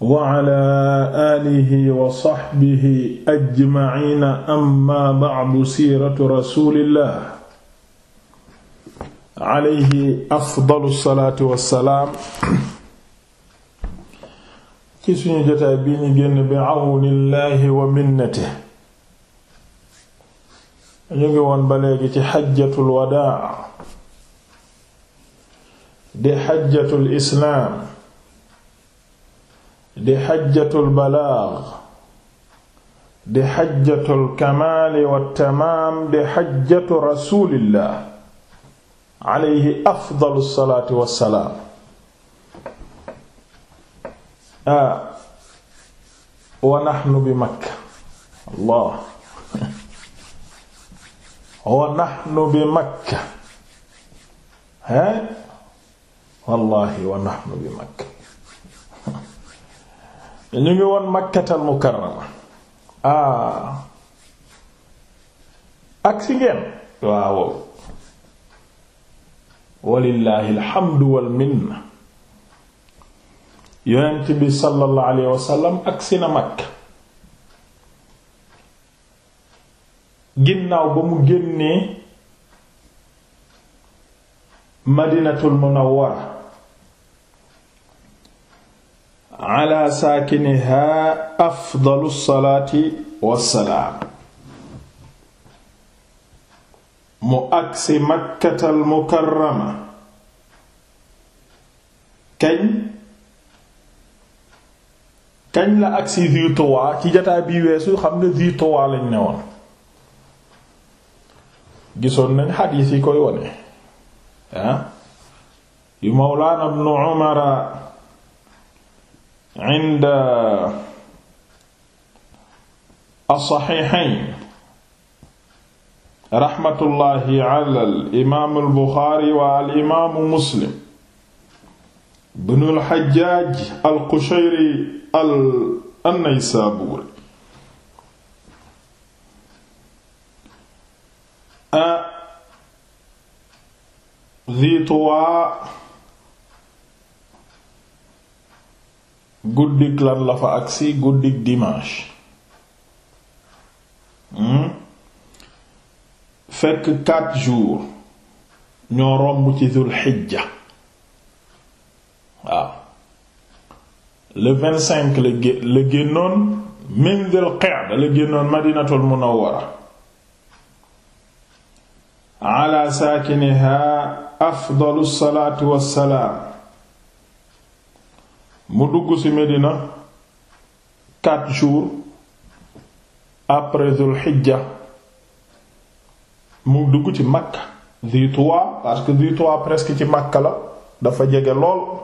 wa ala aalihi wa saxbihi ajmaciina amma bacdu siiratu rasuulillah alayhi afdalu salaatu wa salaam ci suñu jotaay bi ñu génn bi awnillahi wa minnatihi ñu ngi woon ba léegi ci xajjatul wadaa di xajjatul islaam di xajjatul balaag di xajjatul kamaali wa tamaam di xajjatu rasuulillah alayhi afdalu salaatu wa salaam. ah wa naxnu bi makka allah wa naxnu bi makka ha wallaahi wa naxnu bi makka. ñu ngi woon makkatal mukarrama ah ak si ngeen waaw walillaahi alhamdu wal minna yonent bi sallallahu ak si na makka ginnaaw ba mu génnee madinatul munawwara ala saakiniha afdalu salaati wassalaam mu agsi makkatal mukarrama kañ kañ la agsi Dhi Tuwa ci jataay bii xam ne Dhi Tuwa woon gisoon nañ xadiis yi koy wone ah? yu mawlaana ibnu Umara inda as-saxiixayn raxmatullahi ala al-imaam al-buxaari wa al-imaamu muslim ibnul xajjaaj al-qushayri an-naysaabuuri zi tuwaa guddik lan la fa agsi guddik dimanche hmm? fekk quatre jours ñoo romb ci dul xijja waaw la la génnoon min dul qa'da la génnoon madinatul munawwara ala saakiniha afdalu salaatu wassalaam mu dugg ci Medina quatre jours après Zul Hijja mu dugg ci Makka Zi Tuwa parce que Zi Tuwa presque ci Makka la dafa jege lool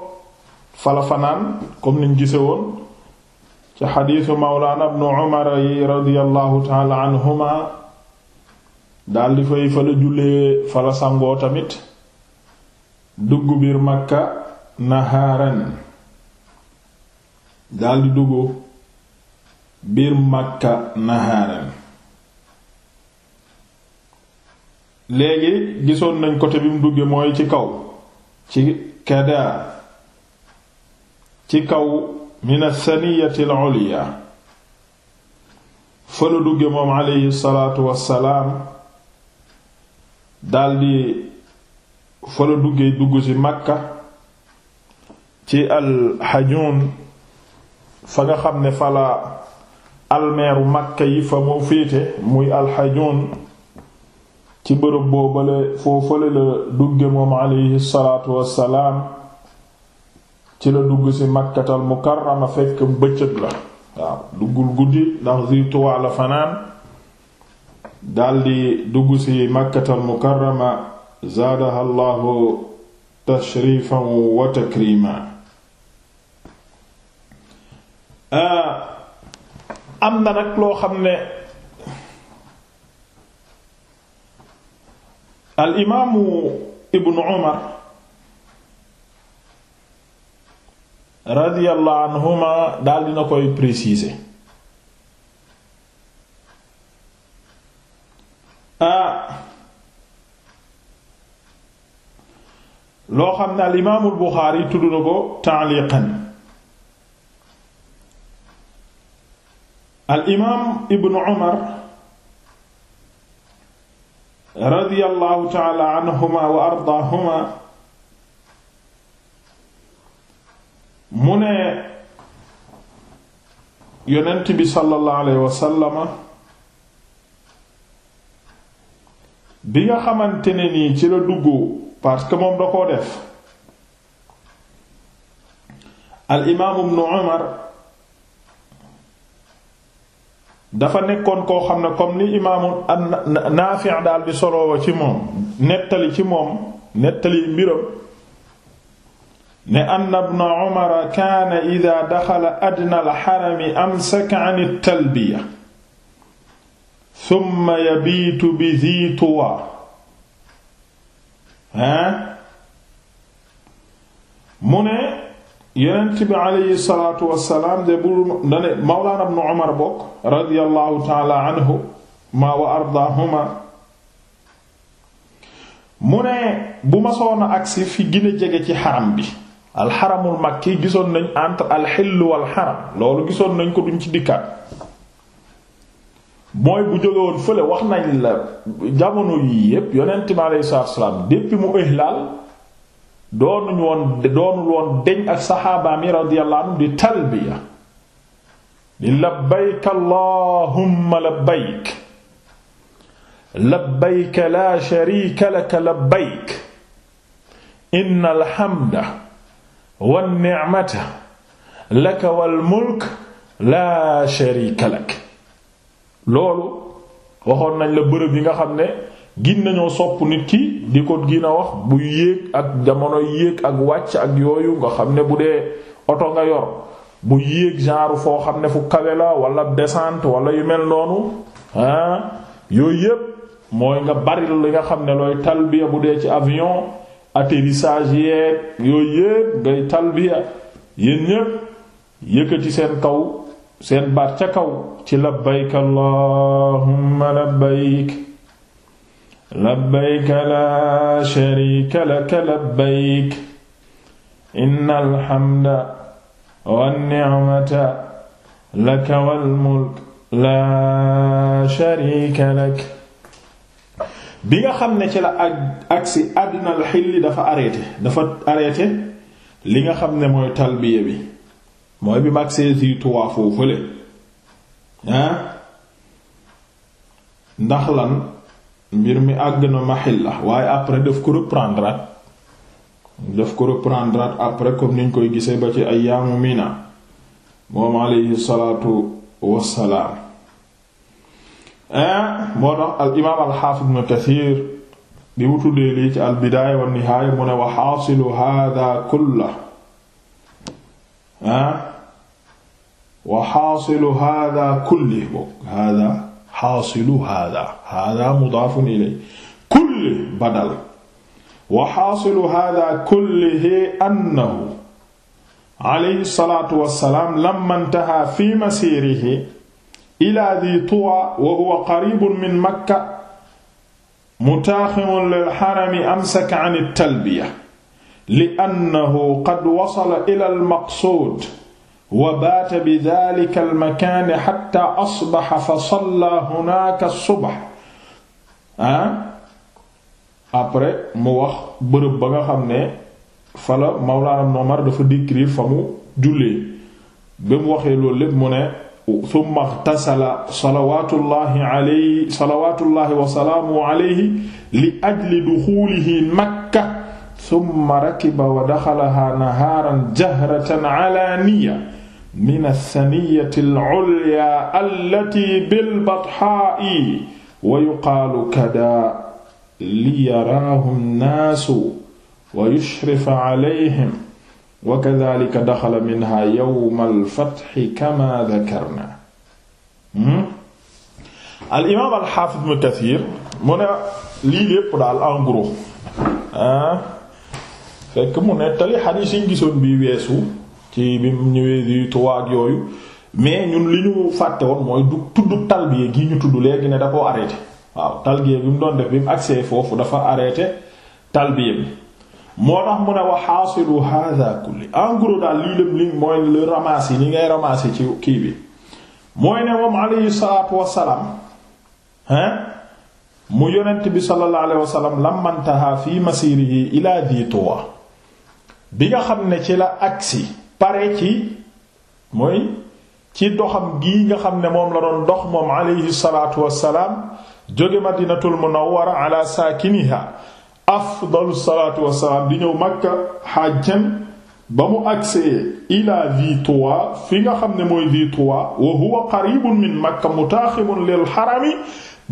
fala fanaan comme niñ gise ci xadiisu Mawlaana ibnu Umar yi radiyallahu taala anhuma daldi fay fala jullee fala sangoo tamit dugg biir Makka nahaaran daldi dugg biir Makka nahaaren léegi gisoon nañ côté bi mu dugge mooy ci kaw ci kada ci kaw min as-saniyati al-ulya fa la dugge moom aleyhi salaatu wassalaam daldi fa la dugg ci Makka ci al-Hajun fa nga xam ne fala almeeru Makka yi fa mu féete muy alxajoon ci bërëb boobale foofale la dugge moom aleyhi salaatu wassalaam ci la dugg ci Makkatal Mukarrama fekk bëccëg la waaw duggul guddi ndax zituwa la fanaan daldi dugg ci Makkatal Mukarrama zaadaha Allahu tashrifan wa takriman Euh, am na nag loo xam ne al imaamu ibnu umar radiyallahu anhuma daal dina koy préciser euh, loo xam ne al imaamul buxaari tudd na ko ta'liqan al imaam ibnu umar radiyallahu taala anhuma wa ardaahuma mu ne yonent bi sallallahu alayhi wa sallama bi nga xamante ne nii ci la dugg parce que moom da koo def al imaam ibnu umar dafa nekkoon koo xam ne comme ni imaamu Naafi' daal di soloowa ci moom nettali ci moom nettali mbiram ne anna ibna Umar kaana idaa daxala adna al-harami amsaka an at-talbiya thumma bi Zii Tuwaa ha mu ne yonent bi aleyhi salaatu wassalaam de bu dane mawlaana ibnu Umar bokk radiyallahu taala anhu ma wa ardaahuma mu ne bu ma soona agsi fi gën jege ci xaram bi alxaramul makki gisoon nañ entre alxill wal xaram loolu gisoon nañ ko duñ ci dikkaat mooy bu jóge woon fële wax nañ la jamono yii yépp yonent bi aleyhi salaatu wassalaam depuis mu ihlaal doonuñu woon doonul woon deñ ak saxaabaami radiyallahu anhum di talbiya di labbayk allahumma labbayk labbayk la sharika laka labbayk innal hamda wan ni'mata laka wal mulk la sharika lak loolu waxoon nañ la bërëb yi nga xam ne gin nañoo sopp nit ki di ko gin a wax bu yéeg ak jamono yéeg ak wàcc ak yooyu nga xam ne bu dee oto nga yor bu yéeg genre foo xam ne fu kawe la wala descente wala yu mel noonu ah yooyu yépp mooy nga bari li nga xam ne looy talbiya bu dee ci avion atterrissage yeeg yooyu yépp ngay talbiya yéen yëkkati seen kaw seen baat ca kaw ci labbayk allahumma labbayk labbayka laa sharika laka labbayk inna alhamda wannicmata laka walmulk laa sharika lak bi nga xam ne ci la ak agsi àddinal xilli dafa arrêté dafa arrêté li nga xam ne mooy talbiya bi mooy bi magsee si tuwaa foofu le ah ndax lan mbir mi àgg na maxilla waaye après daf ko reprendre at après comme niñ koy gisee ba ci ayaamu mina moom aleyhi salaatu wassalaam moo tax al imaam al xaafid ibn kathir di mu tuddee lii ci al bidaaya wa nihaaya kulli bokk xaasilu hada hada mudaafun ilay kulli badal wa xaasilu hada kullihi annahu alayhi salaatu wassalaam lamma intaha fi masiirihi ila di tuwa wa huwa qaribun min makka mutaaximun lil xarami amsaka an at-talbiya li annahu qad wasala ila al-maqsuud wa baata bi daalika almakaani xataa asbaxa fa salla hunaaka subax ah après mu wax bërëb ba nga xam ne fa la Mawlaana Nomar dafa décrire fa mu jullee ba mu waxee loolu lépp mu ne summa xtasala salawaatullahi alayhi salawaatullahi wa salaamuhu alayhi li ajli duxuulihi makka summa rakiba wa daxalahaa nahaaran jahratan alaaniya min as-saniyati al-ulya allati bil-batha'i wa yuqaalu kada liyaraahu an-naasu wa yushrifa alayhim wa kadhalika daxala minha yawm al-fathi kama dhakarna hmm? al imaam al-hafiz ibn kathir mu ne lii lépp daal en gros ah, fekk mu nettali xadiis yi gisoon bi weesu ci bi mu ñëwee di tuwaag yooyu mais ñun li ñu fàtte woon mooy du tudd talbiya gi ñu tudd léegi ne da koo arrêté waaw talbiya bi mu doon def bi mu agsee foofu dafa arrêté talbiya bi moo tax mu ne wa xaasilu hada kulli en daal lii lëm li mooy le ramas ngay ramasser ci kii bi mooy ne moom alayhi salaatu wassalaam hein mu yonent bi sallallahu alayhi wasallam lamantaha fi masirihi ila di tuwa bi nga xam ne ci la agsi pare ci mooy ci doxam gi nga xam ne moom la doon dox moom aleyhi salaatu wassalaam jóge madinatul munawwara ala saakiniha afdalu salaatu wassalaam di ñëw makka xajjan ba mu agsee ila vi trois fi nga xam ne mooy vi trois wa huwa qaribun min makka mutaaxibun lil xarami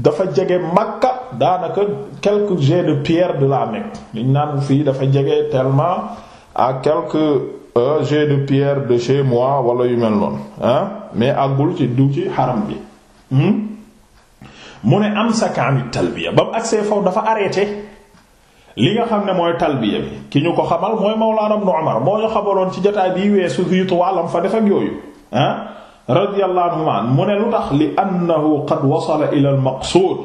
dafa jege makka daanaka quelques jets de pierre de la Mecque liñ naan fii dafa jege tellement à quelques un euh, jet de pierre de chez moi wala yu mel noonu ah mais àggul ci du ci xaram bi hmm? mu ne am sa kaamit talbiya ba mu agsee faw dafa arrêté li nga xam ne mooy talbiya bi ki ñu ko xamal mooy Mawlaana Ibnu Umar moo ñu ci jotaay bi weesu fiitu wàllam fa def yooyu ah radiyallahu mu ne lu tax li annahu qad wasala ila al maqsuud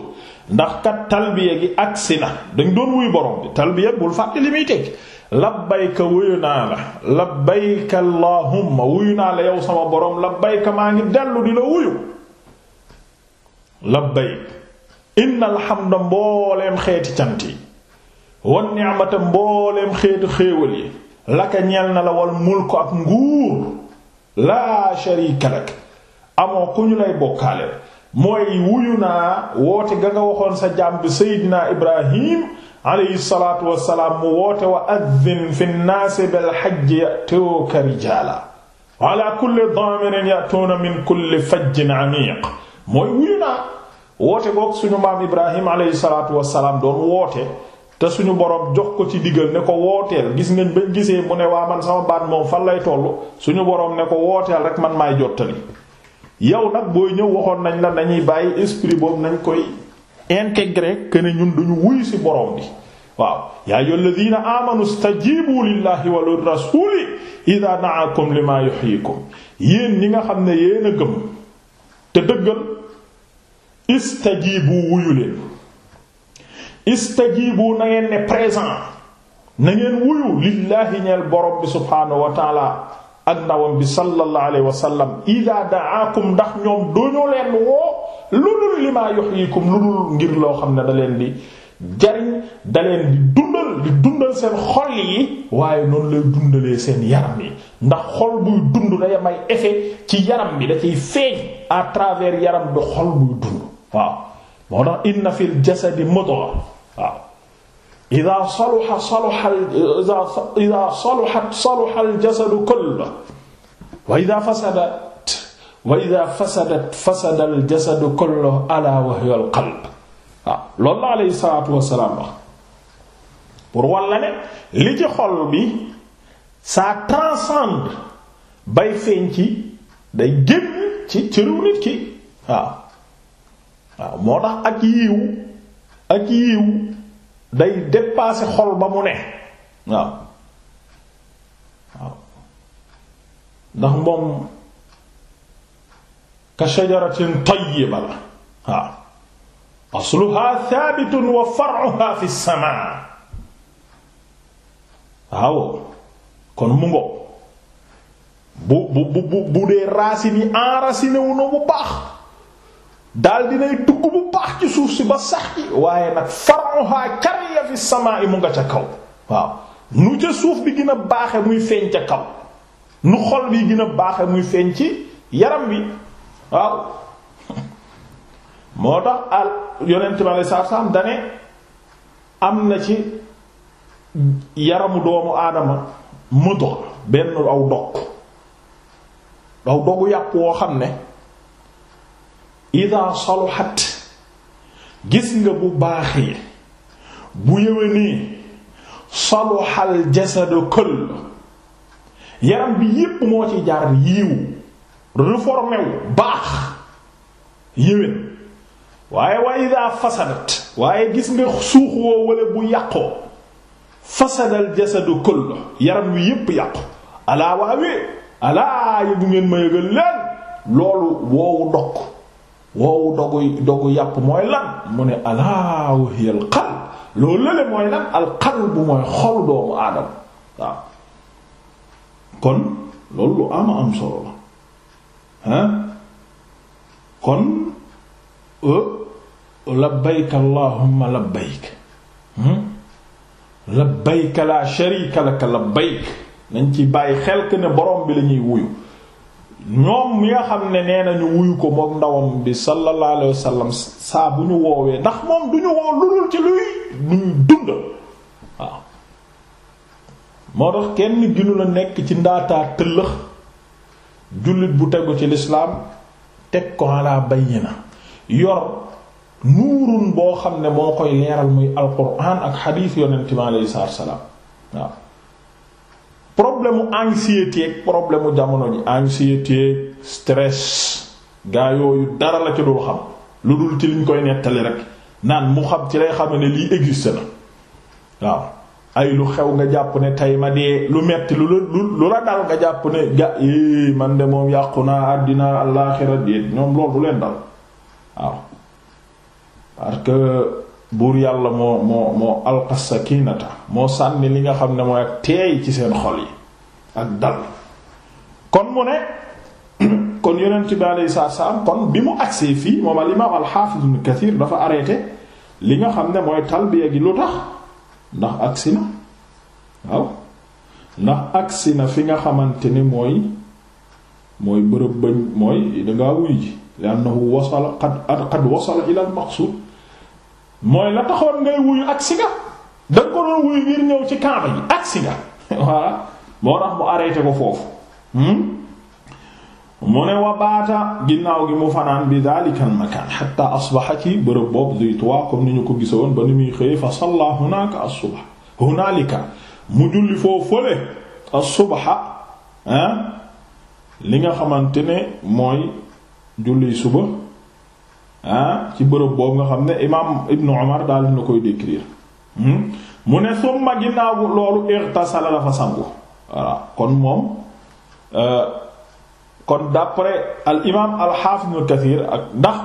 ndax kat talbiya gi agsi na dañ doon wuy borom bi talbiya bul fàtte li muy teg labbayka wuyu naa la labbayka allahumma wuyu naa la yow sama boroom labbayka maa ngi dellu di la wuyu labbayk innal hamda mbooleem xeeti cant yi wan ni'mata mbooleem xeetu xéewal yi laka ñeel na la wal mulku ak nguur laa sharika lak amoo ku ñu lay bokkaale mooy wuyu naa woote ga nga waxoon sa jàmb Seydina Ibrahim alayhi salaatu wassalaam mu woote wa addin fi nnaasi bil hajji ya'tuuka rijaala wa ala kulli daamirin ya'tuuna min kulli fajjin amiiq mooy wuyu naa woote boog suñu maam Ibrahim alayhi salaatu wassalaam doon woote te suñu borom jox ko ci digal ne ko wooteel gis ngeen bañ gisee mu ne waa man sama baat moom fan lay tollu suñu borom ne ko wooteel rek man maay jottali yow nag booy ñëw waxoon nañ la nañuy bàyyi esprit boobu nañ koy. intégré que ne ñun duñu wuy ci borom bi waaw yaa ayyuha amanu stajibu lillahi wa lir rasuli idha da'akum lima yuhyikum yéen ñi nga xam ne yéen a gëm te dëggal istajibu wuyu leen istajibu na ne présent na ngeen wuyu lillahi ñeel borom bi subhaanahu wa taala ak ndawam bi sallallahu alayhi wa sallam idha da'akum ndax ñoom duñu leen woo lu dul li maa yuhyikum lu dul ngir loo xam ne daleen leen di jariñ da leen dundal di dundal seen xol yi waaye noonu lay dundalee seen yaram yi ndax xol buy dund day may effet ci yaram bi da ciy feeñ à travers yaram bi xol buy dund waaw moo tax inna fil jasadi mudghah waaw ida saluha saluha ida al jasadu kulluhu wa ida fasada wa ida fasadat fasada aljasadu kulluhu ala wa huwa la pour walla ne li ci xol bi ça transcende bay feeñ ci day génn ci cëru nit ki waaw waaw moo tax ak yiiw ak yiiw day dépasser xol ba mu ne waaw waaw ndax moom ka shajaratin tayyiba la waaw asluha thabitun wa far'uha fi samaa waaw kon mu ngo bu bu bu bu dee racines yi enraciné na bu baax daal dinay dugg bu baax ci suuf si ba sax ci waaye nag far'uha kariya fi as-samaa'i mu nga ca kaw waaw nu ca suuf bi dina baaxe muy feeñ ca kaw nu xol bi gën a baaxe muy feeñ ci yaram wi waaw moo tax al yonent bi aleyhi salaatu salaam dane am na ci yaramu doomu aadama mudra benn aw dog aw dogu yàpp woo xam ne ida saluhat gis nga bu baaxee bu yëwee nii saluhal jasadu kull yaram bi yépp moo ci jaar yiw réformé wu baax yéwén waaye wa ida fasadat waaye gis nga suux woo wala bu yàqoo fasadal jasadu kullu yaram wi yépp yàqu alaa waawee alaa yi bu ngeen ma yëgal leen loolu woowu dog woowu dogu yàpp mooy lan mu ne alaa wa hiya loolu la le mooy lan al bu mooy xol doomu aadama waaw kon loolu lu ama am solo la kon labbayk allahumma labbayk hmm? labbayk la sharika laka labbayk nañ ci bàyyi xel ne borom bi la ñuy wuyu ñoom mi nga xam ne nee nañu wuyu ko moom ndawam bi sallallahu alayhi saa bu ñu woowee ndax moom du ñu woo lulul ci luy luy waaw moo tax kenn ginu la nekk ci ndaataa tëllëx jullit bu tegu ci lislaam teg ko ala bayyina yor nuurun boo xam ne moo koy leeral muy alquran ak xadiis yonent mi alayhi salaatu salaam waaw problème mu anxiété ak problème mu jamono ji anxiété stress gaa yooyu dara la ci dul xam lu dul ci liñ koy nettali rek naan mu xam ci lay xam ne lii existe na waaw ay lu xew nga jàpp ne tey ma dee lu metti lu la lu la dal nga jàpp ne ga eh, man de moom yàqu naa àddina alaaxira déet ñoom loolu du leen dal waaw parce que buur yàlla moo moo moo alqa sakinata moo sànni li nga xam ne mooy ak teey ci seen xol yi ak dal kon mu ne kon yonent bi alayhi salaam kon bi mu agsee fii moom al imaam al xaafiz ibn kathir dafa arrêté li nga xam ne mooy talbiya gi lu tax ndax agsi na waaw ndax agsi na fi nga xamante ni mooy mooy bërëb bañ mooy dangaa wuy ji li'annahu wasala qad qad wasala ila al-maqsud mooy la taxoon ngay wuyu agsi nga da ko doon wuyu ngir ñëw ci kaaba ji agsi nga voilà moo tax mu arrêté ko foofu. Hmm? mu ne wa baata ginnaaw gi mu fanaan bi daalika makaan xatta asbaxa ci bërëb boobu Dhi Tuwa comme ni ñu ko gisoon ba ni muy xëy fa salla hunaaka as-subha hunaalika mu julli foofu fële as-subha li nga xamante ne mooy julli suba ci bërëb boobu nga xam ne imaam Ibn Umar daal dina koy décrire hmm? mu ne summa ginnaaw loolu irtasala la fa sangu kon moom. Euh, kon d'après al imaam al xaafis ibn Kathir ak ndax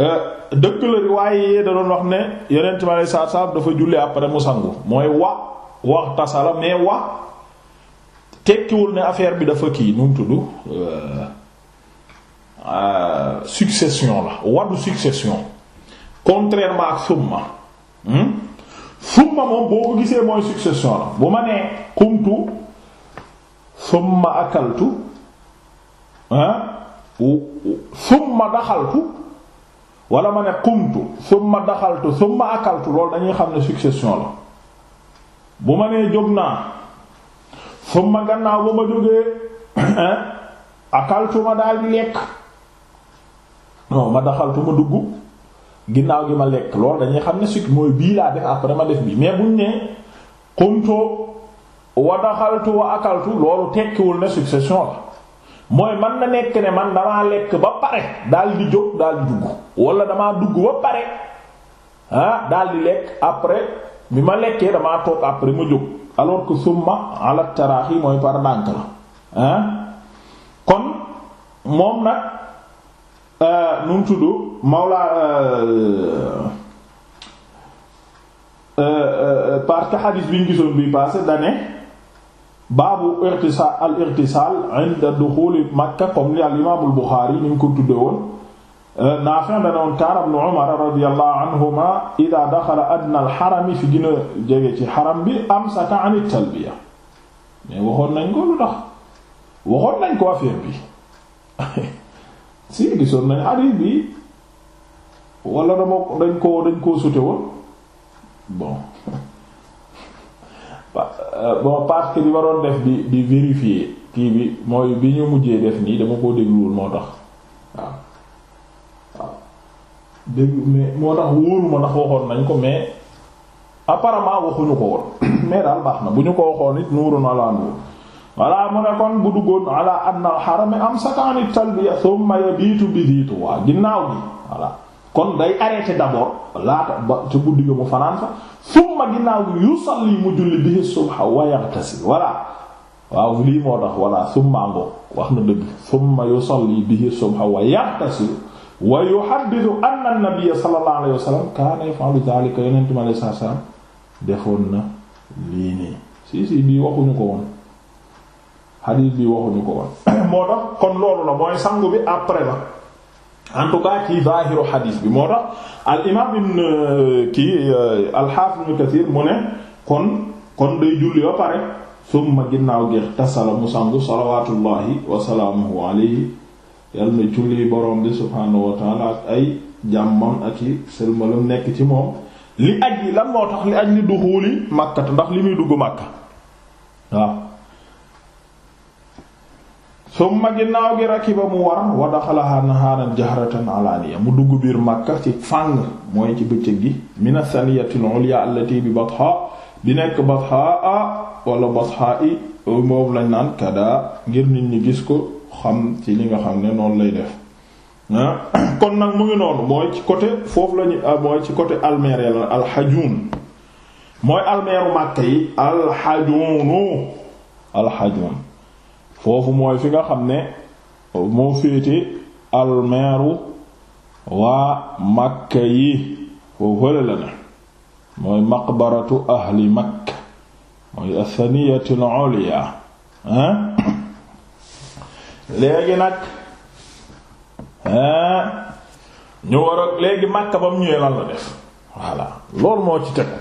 euh, dëkk la riwaaye yee da doon wax ne yonent mi aleyhi salaatu salaam dafa julli après mu sangu mooy wa wax tasala mais wa tekkiwul ne affaire bi dafa kii nu mu tudd euh, euh, succession la wàllu succession contrairement ak summa hmm? summa moom boo ko gisee mooy succession la bu ma nee xumtu summa akaltu summa daxaltu wala ma ne qumtu summa daxaltu summa akaltu loolu dañuy xam ne succession la bu ma nee jóg naa summa gannaaw ba ma jógee akaltu ma daal di lekk non ma daxaltu ma duggu ginnaaw gi ma lekk loolu dañuy xam ne suc mooy bii laa def après ma def bii mais bu ñu nee qumtu wa daxaltu wa akaltu loolu tekkiwul ne succession la mooy man na nekk ne man damaa lekk ba pare daal di jóg daal di dugg wala damaa dugg ba pare ah daal di lekk après bi ma lekkee damaa toog après ma jóg alors que summa ala taraaxi mooy par ndànk la ah kon moom nag euh, nu mu tudd Mawla euh, euh, parce que hadith bi ñu gisoon bi passé dane baabu irtisaal al irtisaal inda duxuli makka comme li al imaamul buxaari ni mu ko tudde woon euh, Naafi' dana woon kaana ibnu Umar anhuma idaa daxala adnal xarami fi gën a jege bi amsaka ani talbiya mais waxoon nañ ko lu tax waxoon nañ ko affaire bi si gisoon nañ hadith bi wala dama dañ ko sute woon Euh, bon parce bi waroon doon def di di vérifier kii bi mooy bi ñu mujjee def nii dama koo dégluwul moo tax waaw dégg moo tax wóoruma ndax waxoon nañ ko mais apparemment waxuñu ko woon mais daal baax na bu ñu ko waxoon it nuurun ala nuur voilà mu ne kon bu duggoon ala anna al harami amsaka an talbiya thumma yabitu biditu waa ginnaaw bi voilà kon day arrêté d'abord laata ba ca guddi ga mu fanaan fa summa ginnaaw gi yusalli mu julli bihi subha wa yaghtasil voilà waaw lii moo tax voilà summa ngo wax na dëgg summa yusalli bihi subha wa yaghtasil wa yuhaddithu anna an-nabiyya sallallahu alayhi wa sallam kaana yaf'alu dhalika yonent mi alayhi salaam defoon na lii nii si si bii waxuñu ko woon xadiis bii waxuñu ko woon moo tax kon loolu la mooy sangu bi après la en tout cas ci zaahiru xadiis bi moo tax al imaam ibn euh, kii euh, al-Haafiz ibn Kasiir mu ne kon kon day julli ba pare summa ginnaaw gi tasala mu sangu salawaatullahi wa salaamuhu alayhi yal na julli borom bi subhaanahu wa ak ay jàmmam ak i sëlmalam nekk ci moom li aj yi lan moo tax li aj li duxuuli Makka ndax li muy dugg Makka waaw summa ginnaaw gi rakiba mu war wa daxalaha nahaaran jahratan mu dugg biir Makka ci fàng mooy ci bëccëg gi mina saniyatil ulya allati bi batha bi nekk bathaa lañ naan kada ngir gis ko xam li nga xam ne noonu lay def ah, kon nag mu ngi noonu mooy ci côté foofu lañu ah, mooy ci côté almeere la alxajuun mooy almeeru Makka yi alxajuunu alxajuun foofu mooy fi nga xam ne moo féete almeeru waa makka yi foofu wële la ne mooy maqbaratu ahli makka mooy asaniyatu al-ulya léegi nag ñu war a léegi makka ba mu ñëwee lan def voilà loolu moo ci tegu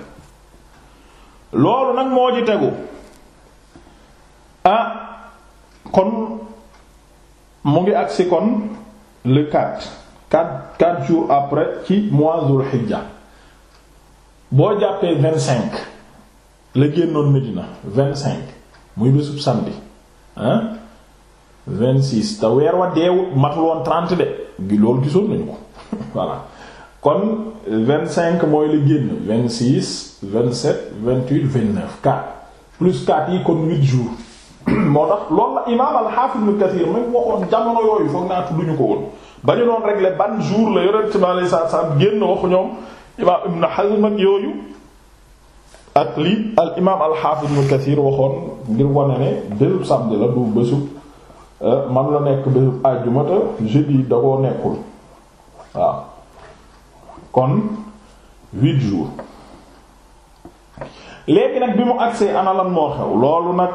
loolu nag moo ci tegu ah kon mu ngi agsi kon le 4 4 4 jours après ci mois Zul Hijja boo jàppee 25 la génnoon Medina 25 muy bésub samedi ah 26 te weer wa deewut matul woon 30 gi loolu gisoon nañu ko voilà kon 25 mooy la génn 26 27 28 29 4 plus 4 yi kon 8 jours. moo tax loolu la imaam al-Hafiz Ibn Kathir même waxoon jamono yooyu foog naa tudduñu ko woon ba doon régler ban jour la yore ci maanaam saa saa génn waxu ñoom imaam Ibn Hazm yooyu ak lii al imaam al-Hafiz Kathir waxoon ngir wane ne bésub samedi la du bésub euh, man la nekk bésub àjjuma te jeudi da koo nekkul waaw kon huit jours léegi nag bi mu agsee ana moo xew loolu nag.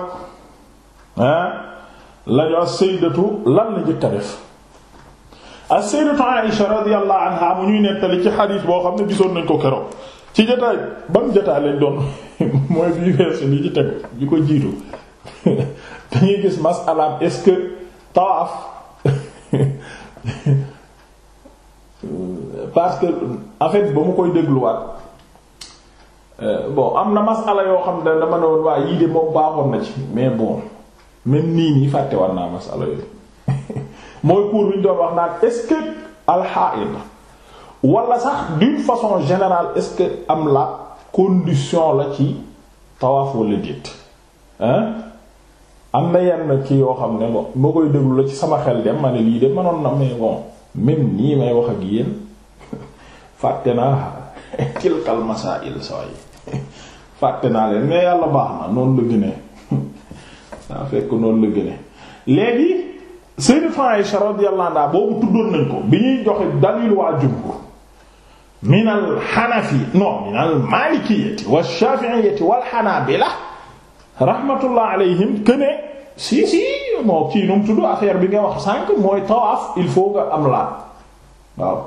ah lañu as-sayyidatu lan la njëkk a def as-sayyidatu Aïsha radiyallahu anha mu ñuy nettali ci xadiis boo xam ne gisoon nañ ko keroog ci jotaay ban jotaay lañ doon mooy bi weesu ni ci teg bi ko jiitu dañuy gis masalaam est-ce que tawaaf parce que en ba mu koy dégluwaat euh, bon am na ala yoo xam ne dama ne woon waaye yii de moom baaxoon na ci mais bon même nii nii fàtte war naa masala yooyu mooy pour bi ñu doon wax naan est-ce que alxaid wala sax d'une façon générale est-ce que am la condition la ci tawaaf wala déet hein am na yenn kii yoo xam ne bon moo koy déglu la ci sama xel dem ma ne lii de manoon na mais bon même nii may wax ak yéen fàtte naa tilkal masaa'il saway fàtte naa leen mais yàlla baax na noonu la gënee daa ah, fekk noonu la gëne léegi Sayyidatu Aisha boobu tuddoon nañ ko bi ñuy joxe dalil waa jumhur min al xanafi non min al maalikiyati wa shaafi'iyati wal xanaabila rahmatullah alayhim këne si moo kii nu mu tudd affaire bi nga wax sànq mooy tawaaf il faut nga am laat waaw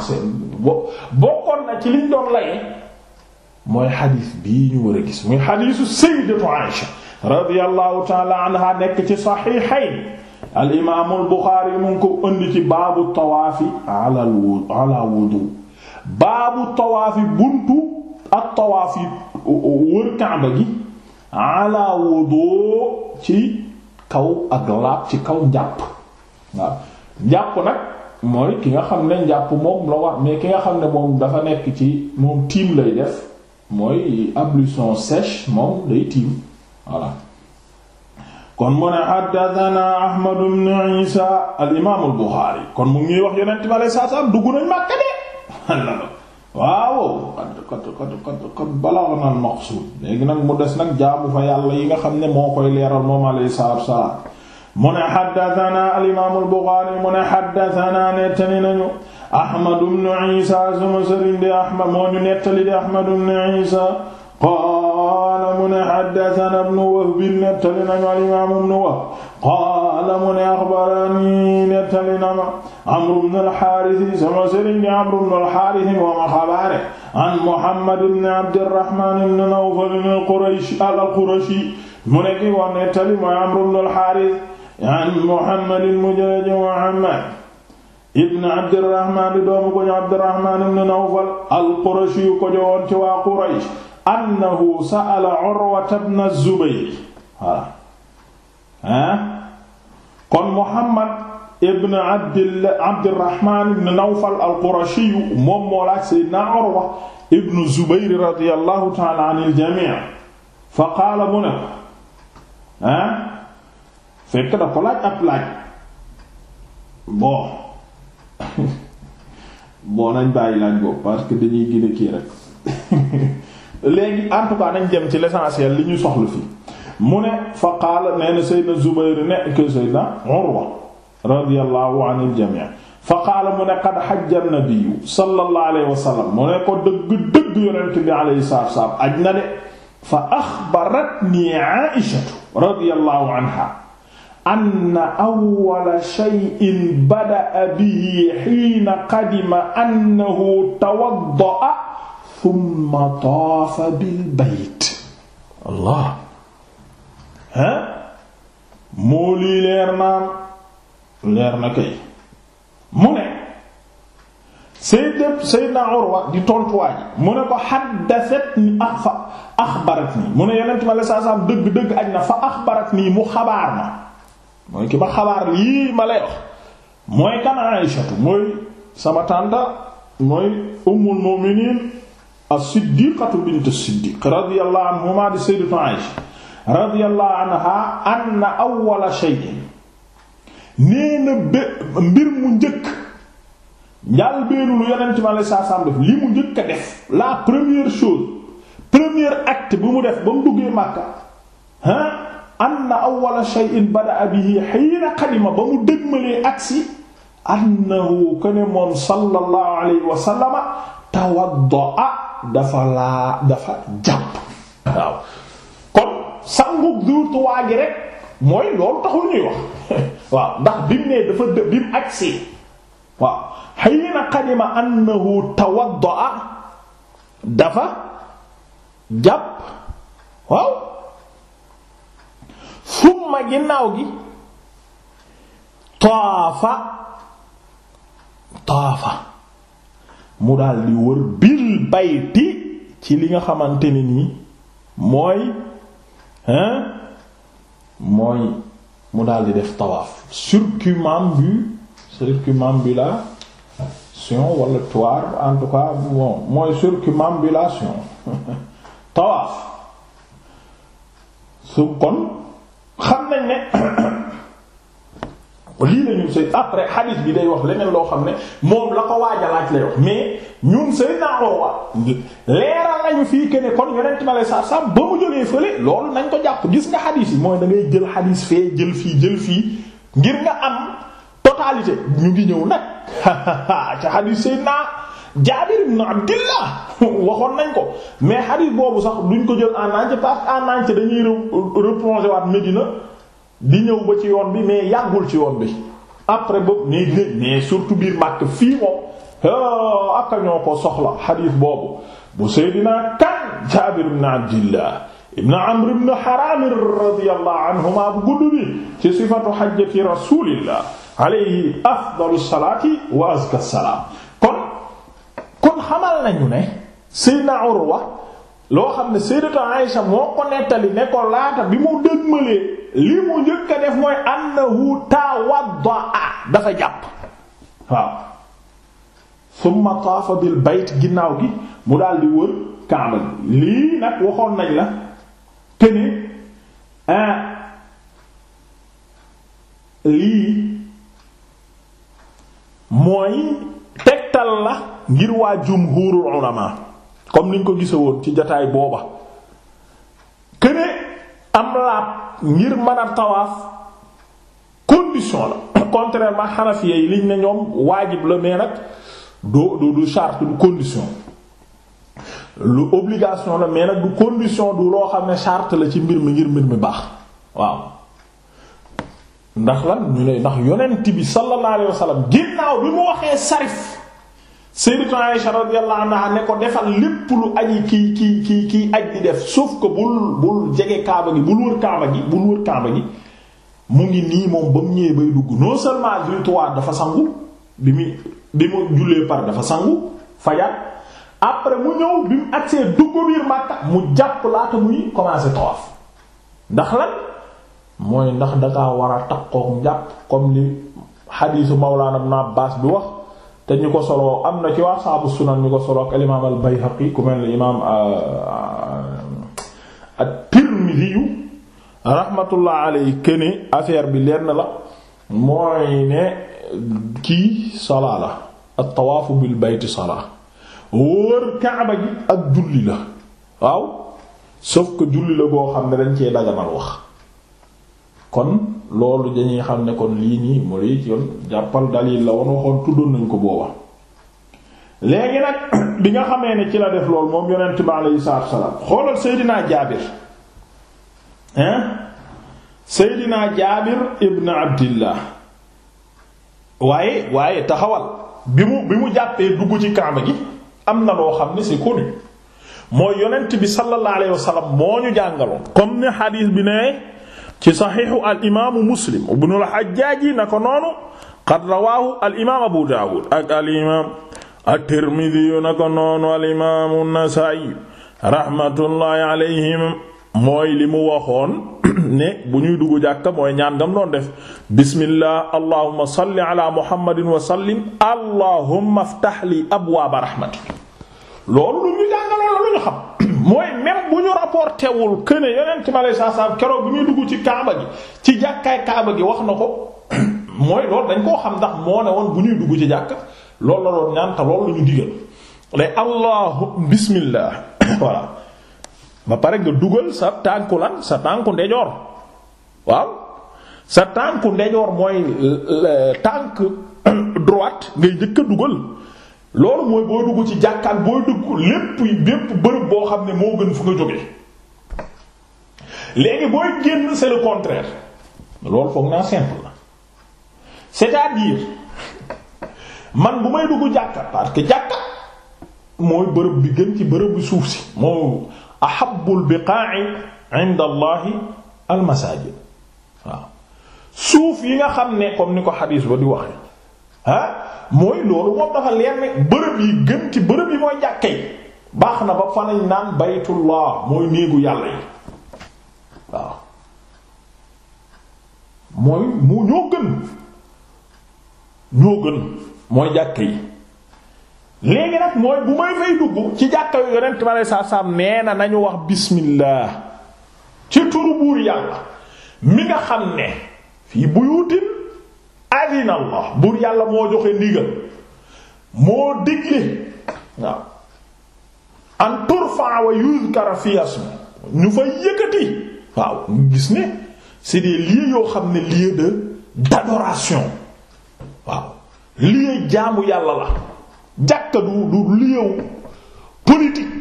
seen bo bokkoon na ci liñ doon laye mooy xadiis bii ñu war a gis muy xadiisu Sayyidatu radiyallahu taala nekk ci saxiixayn al imaamul Buxaari mu ko indi ci baabu tawaafi ala ala wudu baabu tawaafi buntu ak tawaaf yi wër Kaaba gi ala ci kaw ak laab ci kaw njàpp waaw njàpp nag mooy ki nga xam ne njàpp moom la war mais ki nga xam ne moom dafa nekk ci moom tiim lay def mooy ablution sèche moom day tiim voilà kon mu ne haddathana Ahmad ibn Isa al kon mu ngi wax yonent bi alayhi salaam dugg nañ Makka de waaw kat kat kat kat kat balaa nag mu des nag jaamu fa yàlla yi nga xam ne moo koy leeral moom alayhi salaatu wa salaam mu ne xaddatanaa alimaam albuxaari nañu ahmad ibn isa suma sëriñ di moo ñu nettali di ahmad ibn isa qaala mu ne haddathana ibnu Wahb nettali nañu al-imaam ibnu Wahb qaala mu ne axbaranii nettali na ma Amru ibnu al-Haaris sama sëriñ di Amru ibnu al-Haaris moo ma xabaare an Muhammad ibnu Abdirrahmaan ibnu Nawfal al-Qurashi al-Qurashi mu ne ki wax nettali mooy Amru ibnu al-Haaris an Muhammad mu jële ci Muhammad ibn Abdirrahmaan di doomu ko ñu Abdirrahmaan ibn Nawfal al-Qurashi ko jowoon ci waa Quraysh annahu sa'ala Urwata ibn Zubayr voilà ah kon Muhammad ibn Abdillah Abdirrahman ibn Nawfal al-Qurashi moom moo laaj Seydina Urwa ibn Zubayr radiyallahu ta'ala anil jami' fa qaala mu ne ko ah fekk da ko laaj ab laaj bon bon nañ bàyyi laaj boobu parce que dañuy gën a kii rek léegi en tout cas nañ jëm ci l'essentiel li ñu soxla fii mu ne fa qaala nee na Seydina Zubayr ne que Seydina Urwa radiyallahu anil jami' fa qaala mu ne qad hajja an-nabi sallallahu alayhi wa sallam mu ne ko dëgg dëgg yonent bi alayhi salaatu wa salaam aj na de fa axbaratni Aishatu radiyallahu anha anna awwala shay'in bada'a bihi hiina qadima annahu tawadda'a thumma taafa bil bayt allah hein moo lii leer naan leer na kay mu ne sayyid sayyidna Urwa di tontuwaay mu ne ko haddathatni ak fa axbaratni mu ne saa dëgg-dëgg aj na fa axbaratni mu xabaar ma mooy ki ma xabaar lii ma lay mooy kan Aysatu mooy sama tànta mooy ummul mu'minin as-siddiqatu bint as-siddiq radiyallahu anhuma di sayyidatu Aisha radiyallahu anha anna awwala shay'in nee na mbir mu njëkk njàll beenu lu yonent mi alayhi salaam def li mu njëkk a def la première chose premier acte bi mu def ba mu duggee Makka ah anna awwala shay'in bada'a bihi hiina qadima ba mu dëgmalee agsi annahu kana moom sallallahu alayhi wa sallama tawaddaa dafa laa dafa jàpp waaw kon sangub duurtu waa gi rek mooy loolu taxul ñuy wax waaw ndax bi mu nee dafa bi mu agsi waaw hiina qadima annahu tawaddaa dafa jàpp waaw summa ginnaaw gi taafa taafa mu daal di wër bil bayti ci li nga xamante ne nii mooy hein mooy mu daal di def tawaaf circumambule circumambulation wala toire en tout cas bon mooy circumambulation tawaaf su kon xam nañ ne lii la ñun après hadith bi day wax leneen loo xam ne moom la ko waaja laaj lay wax mais ñun sëy naa Urwa leeral nañu fii que ne kon yonent ma lay sax sax ba mu jógee fële loolu nañ ko jàpp gis nga hadith yi mooy da ngay jël hadith fee jël fii jël fii ngir nga am totalité ñu ngi ñëw nag ca hadith sëy naa Jaabir ibn Abdillah waxoon nañ ko mais hadith boobu sax duñ ko jël en entier parce que en entier dañuy replonger waat Médina di ñëw ba ci yoon bi mais yàggul ci yoon bi après boobu mais dinañ mais surtout biir màkk fii moom ah, aka ñoo ko soxla xadiis boobu bu seydinaa kan jaabir ibn abdillah ibn amr ibn haram radiyallahu anhuma bu gudd bi ci sifatu hajjati rasulillah alayhi afdalu salaati wa azka salaam kon kon xamal nañu ne seydinaa urwa loo xam ne sayyidatu Aisha moo ko nettali ne ko laata bi mu dëgmalee li mu njëkk def mooy annahu tawaddaa dafa jàpp waaw summa taafa bil ginnaaw gi mu daal di wër kaaba gi lii nag waxoon nañ la te ah, lii mooy tegtal la ngir waa jumhuurul ulamaa comme niñ ko gise woon ci jataay booba këne am laab ngir mën a tawaaf condition la contrairement xanafi yi liñ ne ñoom waajib la mais nag du du charte du condition lu obligation la mais nag du condition du loo xam ne charte la ci mbir mi ngir mbir mi baax waaw ndax lan ñu ne ndax yonent bi sallallahu alayhi wasallam bi mu waxee sarif Sayyidatu Aisha radiyallahu anha ne ko defal lépp lu aji kii kii kii kii aj di def sauf que bul bul jege kaaba gi bul wër kaaba gi bul wër kaaba gi mu ngi nii moom ba mu ñëwee bay dugg non seulement jullit dafa sangu bi mu bi mu jullee par dafa sangu fajar après mu ñëw bi mu agsee dugg biir Makka mu jàpp laata muy commencer tawaaf ndax la mooy ndax da war a takkook jàpp comme li xadiisu Mawlaana Ibn Abbaas bi wax. te ñu ko soloo am na ci waa saabu sunan ñu ko soloo ak al imaam ku mel ni imaam euh, euh, at-tirmidhi rahmatullah alayhi kene bi lenn la mooy ne kii salaa la at-tawaafu bil bayti salaa wër kaaba gi ak julli la waaw sauf que julli la boo xam ne dañ cee daganal wax kon loolu dañuy xam ne kon lii nii mu lay yoon jàppal dalil la woon waxoon tuddoon nañ ko booba léegi nag bi nga xamee ne ci la def loolu moom yonent bi aleyhi salaatu wasalaam xoolal Seydina Jaabir hein Seydina Jaabir waaye waaye taxawal bi mu bi mu jàppee dugg ci Kaaba gi am na loo xam ne c'est connu mooy yonent bi sallallahu alayhi wasallam moo ñu jàngaloon comme ni hadith bi ne ci saxiixu al imaamu muslim ibnu al na ko qad rawaahu al abu daawud ak al imaam na ko noonu al imaamu an mooy li mu waxoon ne bu ñuy dugg jàkka mooy ñaan ngam doon def bismillah allahumma salli ala muhammadin li abwaaba rahmatik loolu lu ñu jàngaloon la lu ñu xam mooy même bu ñu rapporté wul que ne yeneen ci ma lay sàssam keroog bi muy dugg ci kaaba gi ci jàkkaay kaaba gi wax na ko mooy loolu dañ koo xam ndax moo ne woon bu ñuy dugg ci jàkk loolu la doon ñaan te loolu la ñu mais allahu bismillah voilà ba pare nga dugal sa tànku lan sa tànku ndejoor waaw sa tànku ndejoor mooy tànk droite ngay jëkk a dugal. loolu mooy boo dugg ci jàkkaan boo dugg lépp bépp bërëb boo xam ne moo gën fu nga jógee léegi booy génn c'est le contraire loolu foog naa simple la cest à man bu may dugg jàkka parce que jàkka mooy bërëb bi gën ci bërëb bi suuf si moo ahabbul biqa'i 'inda allahi al waaw suuf yi nga xam ne comme ni ko xadiis ba di waxe ah, mooy loolu moom dafa leer ne bërëb yi gën ci bërëb yi mooy jàkke yi baax na ba fa lañ naan baytullah mooy néegu yàlla yi waaw mooy mu ñoo gën ñoo gën mooy jàkke yi léegi nag mooy bu may fay dugg ci jàkka yu yonent ma lay saa saam nee na nañu wax bismillah ci turu buur yàlla mi nga xam ne fii buyutin adina allah buur yàlla moo joxe ndigal moo digle waaw an turfa wa yuzkara fi ismi ñu fa yëkkati waaw gis ne c'est des lieux yoo xam ne lieu de d'adoration waaw lieu jaamu yàlla la jàkka du du lieu politique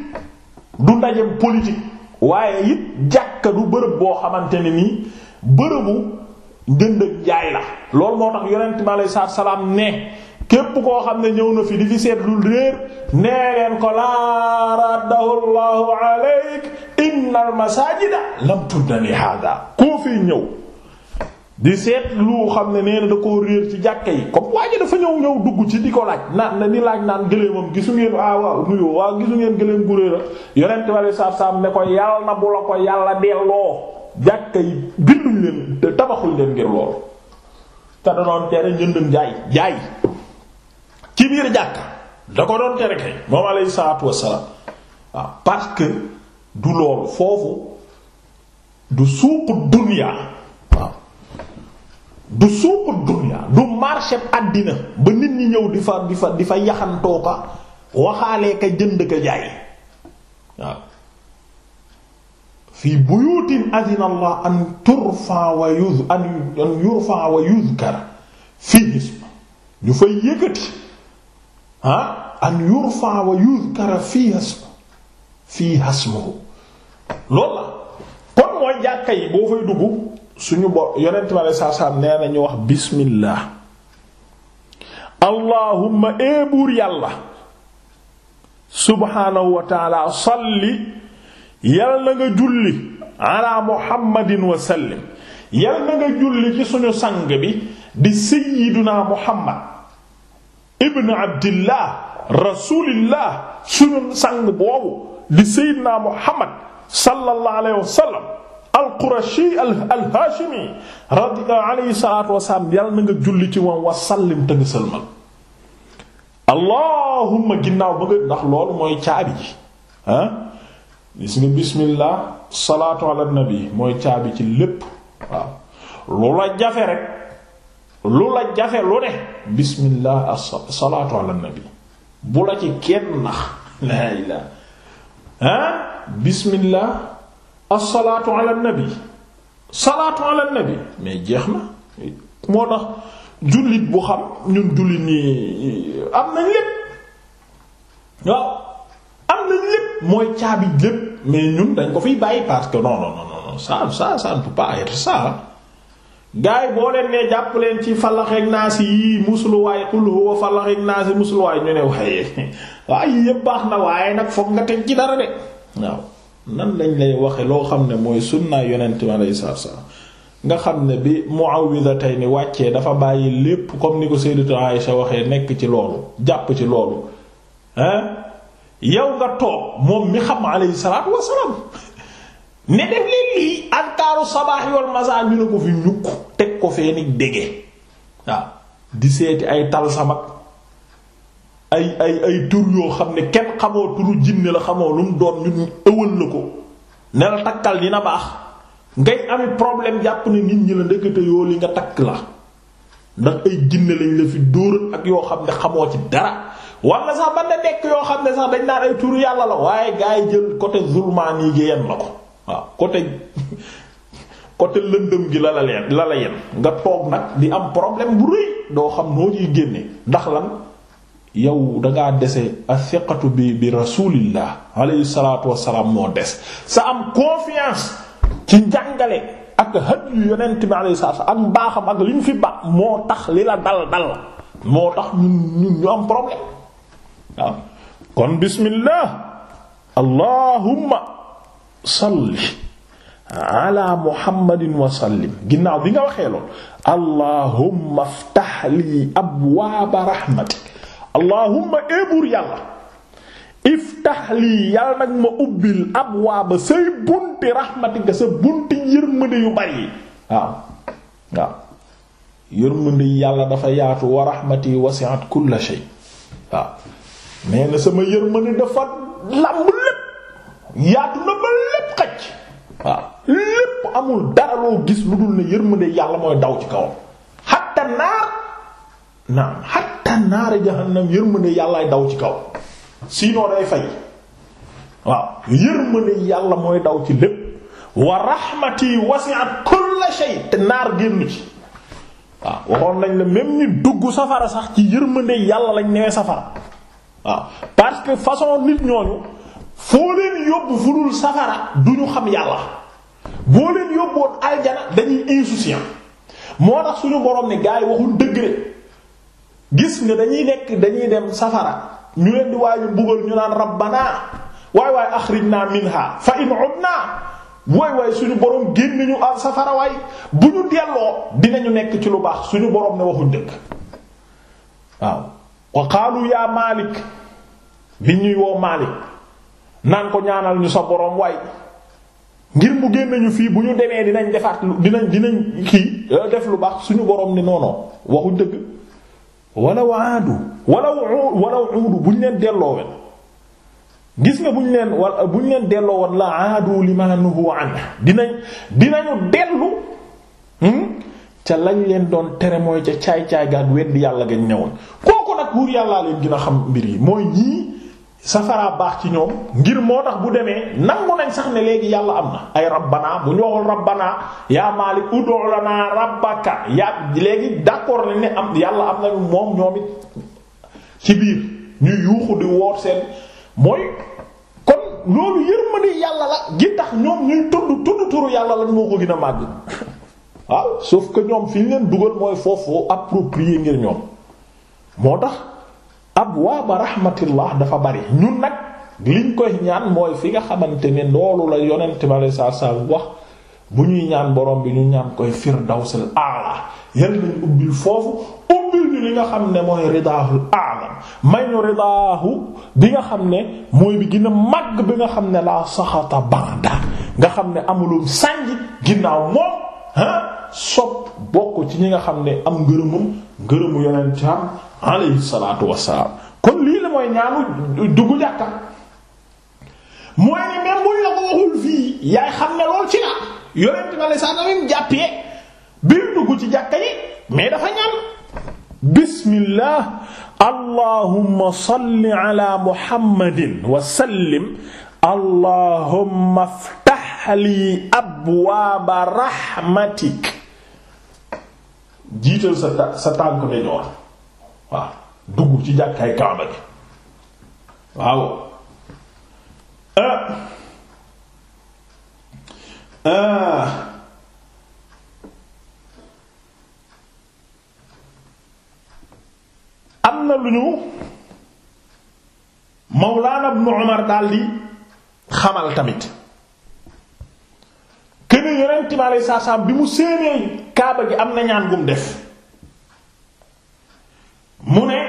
du ndajem politique waaye it jàkka du bërëb boo xamante ne nii bërëbu njënd ak jaay la loolu moo tax yonent bi aleyhi salaatu salaam ne képp koo xam ne ñëw na fi di fi seet lu réer nee leen ko laa raddahu llahu aleyk inna al masajida lam tudda li hada koo fi ñëw di seet lu xam ne nee na da koo réer ci jàkke yi comme waa dafa ñëw ñëw dugg ci di ko laaj naan na ni laaj naan gëléemam gisu ngeen ah waaw nuyoo gisu ngeen gëléem gu réer yonent bi aleyhi salaatu salaam ne ko yàlla na bu la ko yàlla delloo jàkka yi binduñ leen te leen ngir lool te da doon tere njëndum jaay ci biir jàkka da ko doon tere kay moom alayhi salaatu wassalaam waaw parce que du loolu foofu du suuqu duniyaa waaw du suuqu duniyaa du marché àddina ba nit ñi ñëw di fa di fa di fa yaxantoo ka waxaalee ka jënd ka jaay waaw fii buyuutin adina allah an turfa wa yuz an yurfa wa yuzkar fii isma ñu fay yëkkati an yurfa wa yuzkar fii isma fii ismuhu loolu la kon mooy jàkka yi boo fay dugg suñu bo yonent bi aleyhi salaatu salaam nee nañu wax bismillah allahumma ee eh buur yàlla subhaanahu wa taala salli yal na nga julli ala muhammadin wa sallim yal na nga julli ci suñu sang bi di sayyiduna muhammad ibn abdillah rasulillah suñu sang boobu di sayyiduna muhammad sallallahu alayhi wa sallam al-qurashi al-hashimi radiya alayhi salaatu wa salaam yal na nga julli ci moom wa sallim te nga sëlmal allahumma ginnaaw ba nga ndax loolu mooy caabi ji ah gis nga bismillah salaatu ala nabi mooy caabi ci lépp waaw lu la jafe rek lu la jafe lu ne bismillah salaatu ala nabi salaatu ala nabi mais jeex na moo tax jullit bu xam ñun jullit ñi am nañ lépp waaw am nañ lépp mooy caabi lépp mais ñun dañ ko fiy bàyyi parce que non non saa non ça ça ça ne boo leen nee jàpp leen ci falaxeeg naas yii musluwaay qul huwa falaxeeg naas yi musluwaay ñu ne waaye waaye yii yëpp baax na waaye nag foog nga teg ci dara de waaw. nan lañ lay waxe loo xam ne mooy sunna yonent mi alayhi salaam nga xam ne bi a tey ni wàccee dafa bàyyi lépp comme ni ko sayyidatu Aisha waxee nekk ci loolu jàpp ci loolu hein yow nga toog moom mi xam alayhi salaatu wassalaam ne def leen lii ankaaru sabaax wal masaa ñu ne ko fi ñukk teg ko fee ni dége di seeti ay tal samak ay ay ay tur yoo xam ne kenn xamoo turu la xamoo lu mu doon ñu ëwal la ko ne la takkal dina baax ngay amit problème jàpp ne nit ñi la ndekete yoo li nga takk la ndax ay jinne lañ la fi dóoral ak yoo xam ne xamoo ci dara wala sax ban na nekk yoo xam ne sax dañ naan ay turu yàlla la waaye gaa yi jël côté zulmaani gi yen la ko waaw côté côté lëndëm gi la la leen la la yen nga toog nag di am problème bu rëy doo xam noo ciy génne ndax lan yow dangaa dese asiqatu bi bi rasulillah alayhi salaatu wassalaam moo des sa am confiance ci njàngale ak hadiyu yonent bi alayhi salaatu ak fi ba moo tax li la dal dal moo tax ñun ñun ñu am problème waaw kon bismillah allahumma salli ala muhammadin wa ginnaaw bi nga waxee lool allahumma iftah lii abwaaba rahmatik allahumma eebur eh, yàlla iftah lii yàlla nag ma ubbil abwaaba say bunti rahmatika sa bunti yërmande yu bari waaw waaw yërmande yàlla dafa yaatu wa rahmati wasi'at kulla shay waaw nee na sama yërmande dafa lamb lépp yaatu na ba lépp xaj waaw lépp amul dara loo gis lu dul ne yërmande yàlla mooy daw ci kawam hatta naar naam hatta naar jahannam yërmande yàlla daw ci kaw sinon day fay waaw yërmande yàlla mooy daw ci lépp wa rahmati wasi'at kulla shay te naar génn ci waaw waxoon nañ la même ni dugg safara sax ci yërmande yàlla lañ newee safara waaw parce que façon nit ñooñu foo leen yóbbu fu dul safara du ñu xam yàlla boo leen yóbboon aljana dañuy insouciant moo tax suñu borom ne gars yi waxul dëgg rek gis nga dañuy nekk dañuy dem safara ñu leen di waayu mbugal ñu naan rabbana waay waay axrijna minha fa in udna waay waay suñu borom génn ñu al safara waay bu ñu delloo dinañu nekk ci lu baax suñu borom ne waxuñ dëgg waaw wa qaalu yaa Maalik bi ñuy woo Maalik naan ko ñaanal ñu sa boroom waay ngir mu génn fii bu ñu demee dinañ defaat lu dinañ dinañ euh, def lu baax suñu boroom ni noonoo waxuñ dëgg buñ leen delloo gis nga buñ leen wala buñ leen delloo woon la aadu lima nuhu an dinañ dinañu dellu hmm, ca lañ leen doon tere mooy ca caay-caay gaag weddi yàlla gañ ñëwoon kooku nag buur yàllaa leen gën a xam mbir yi mooy ñii safara baax ci ñoom ngir moo tax bu demee nangu nañ sax ne léegi yàlla am na ay rabbana bu ñu waxul rabbana yaa maalik ud'u lana rabbaka yaa léegi d'accord nañ ne am yàlla am na moom ñoom it ci biir ñu yuuxu di woor seen mooy kon loolu yërmande yàlla la gi tax ñoom ñuy tudd tudd turu yàlla la moo ko gën a màgg waaw sauf que ñoom fi ñu leen dugal mooy foofu approprié ngir ñoom moo tax ab abwaaba rahmatillah dafa bari ñun nag liñ koy ñaan mooy fi nga xamante ni loolu la yonent ma lay saar wax bu ñuy ñaan borom bi ñu ñaan koy firdawsil aala yal nañ ubbil foofu ubbil ñu li nga xam ne mooy ridaahul aala may ñu bi nga xam ne mooy bi gën a màgg bi nga xam ne laa saxata banda nga xam ne amulum sànji ginnaaw moom ah sopp bokk ci ñi nga xam ne am ngërëmum ngërëmu yonent am alayhi salaatu wassalaam kon lii la mooy ñaanu dugg jàkka mooy ni même buñ la ko waxul fii yaay xam ne lool ci la yonent ma ne sax jàppee bi dugg ci jàkka yi dafa ñaan bismillah allahumma salli ala muhammadin wa sa tànk ne waaw dugg ci jàkkaay Kaaba gi waaw ah. Ah. am na lu ñu Mawlana Ibn Umar daldi xamal tamit kenn yonent bi alayhi salaam bi mu séenee Kaaba gi am na ñaan gum def mu ne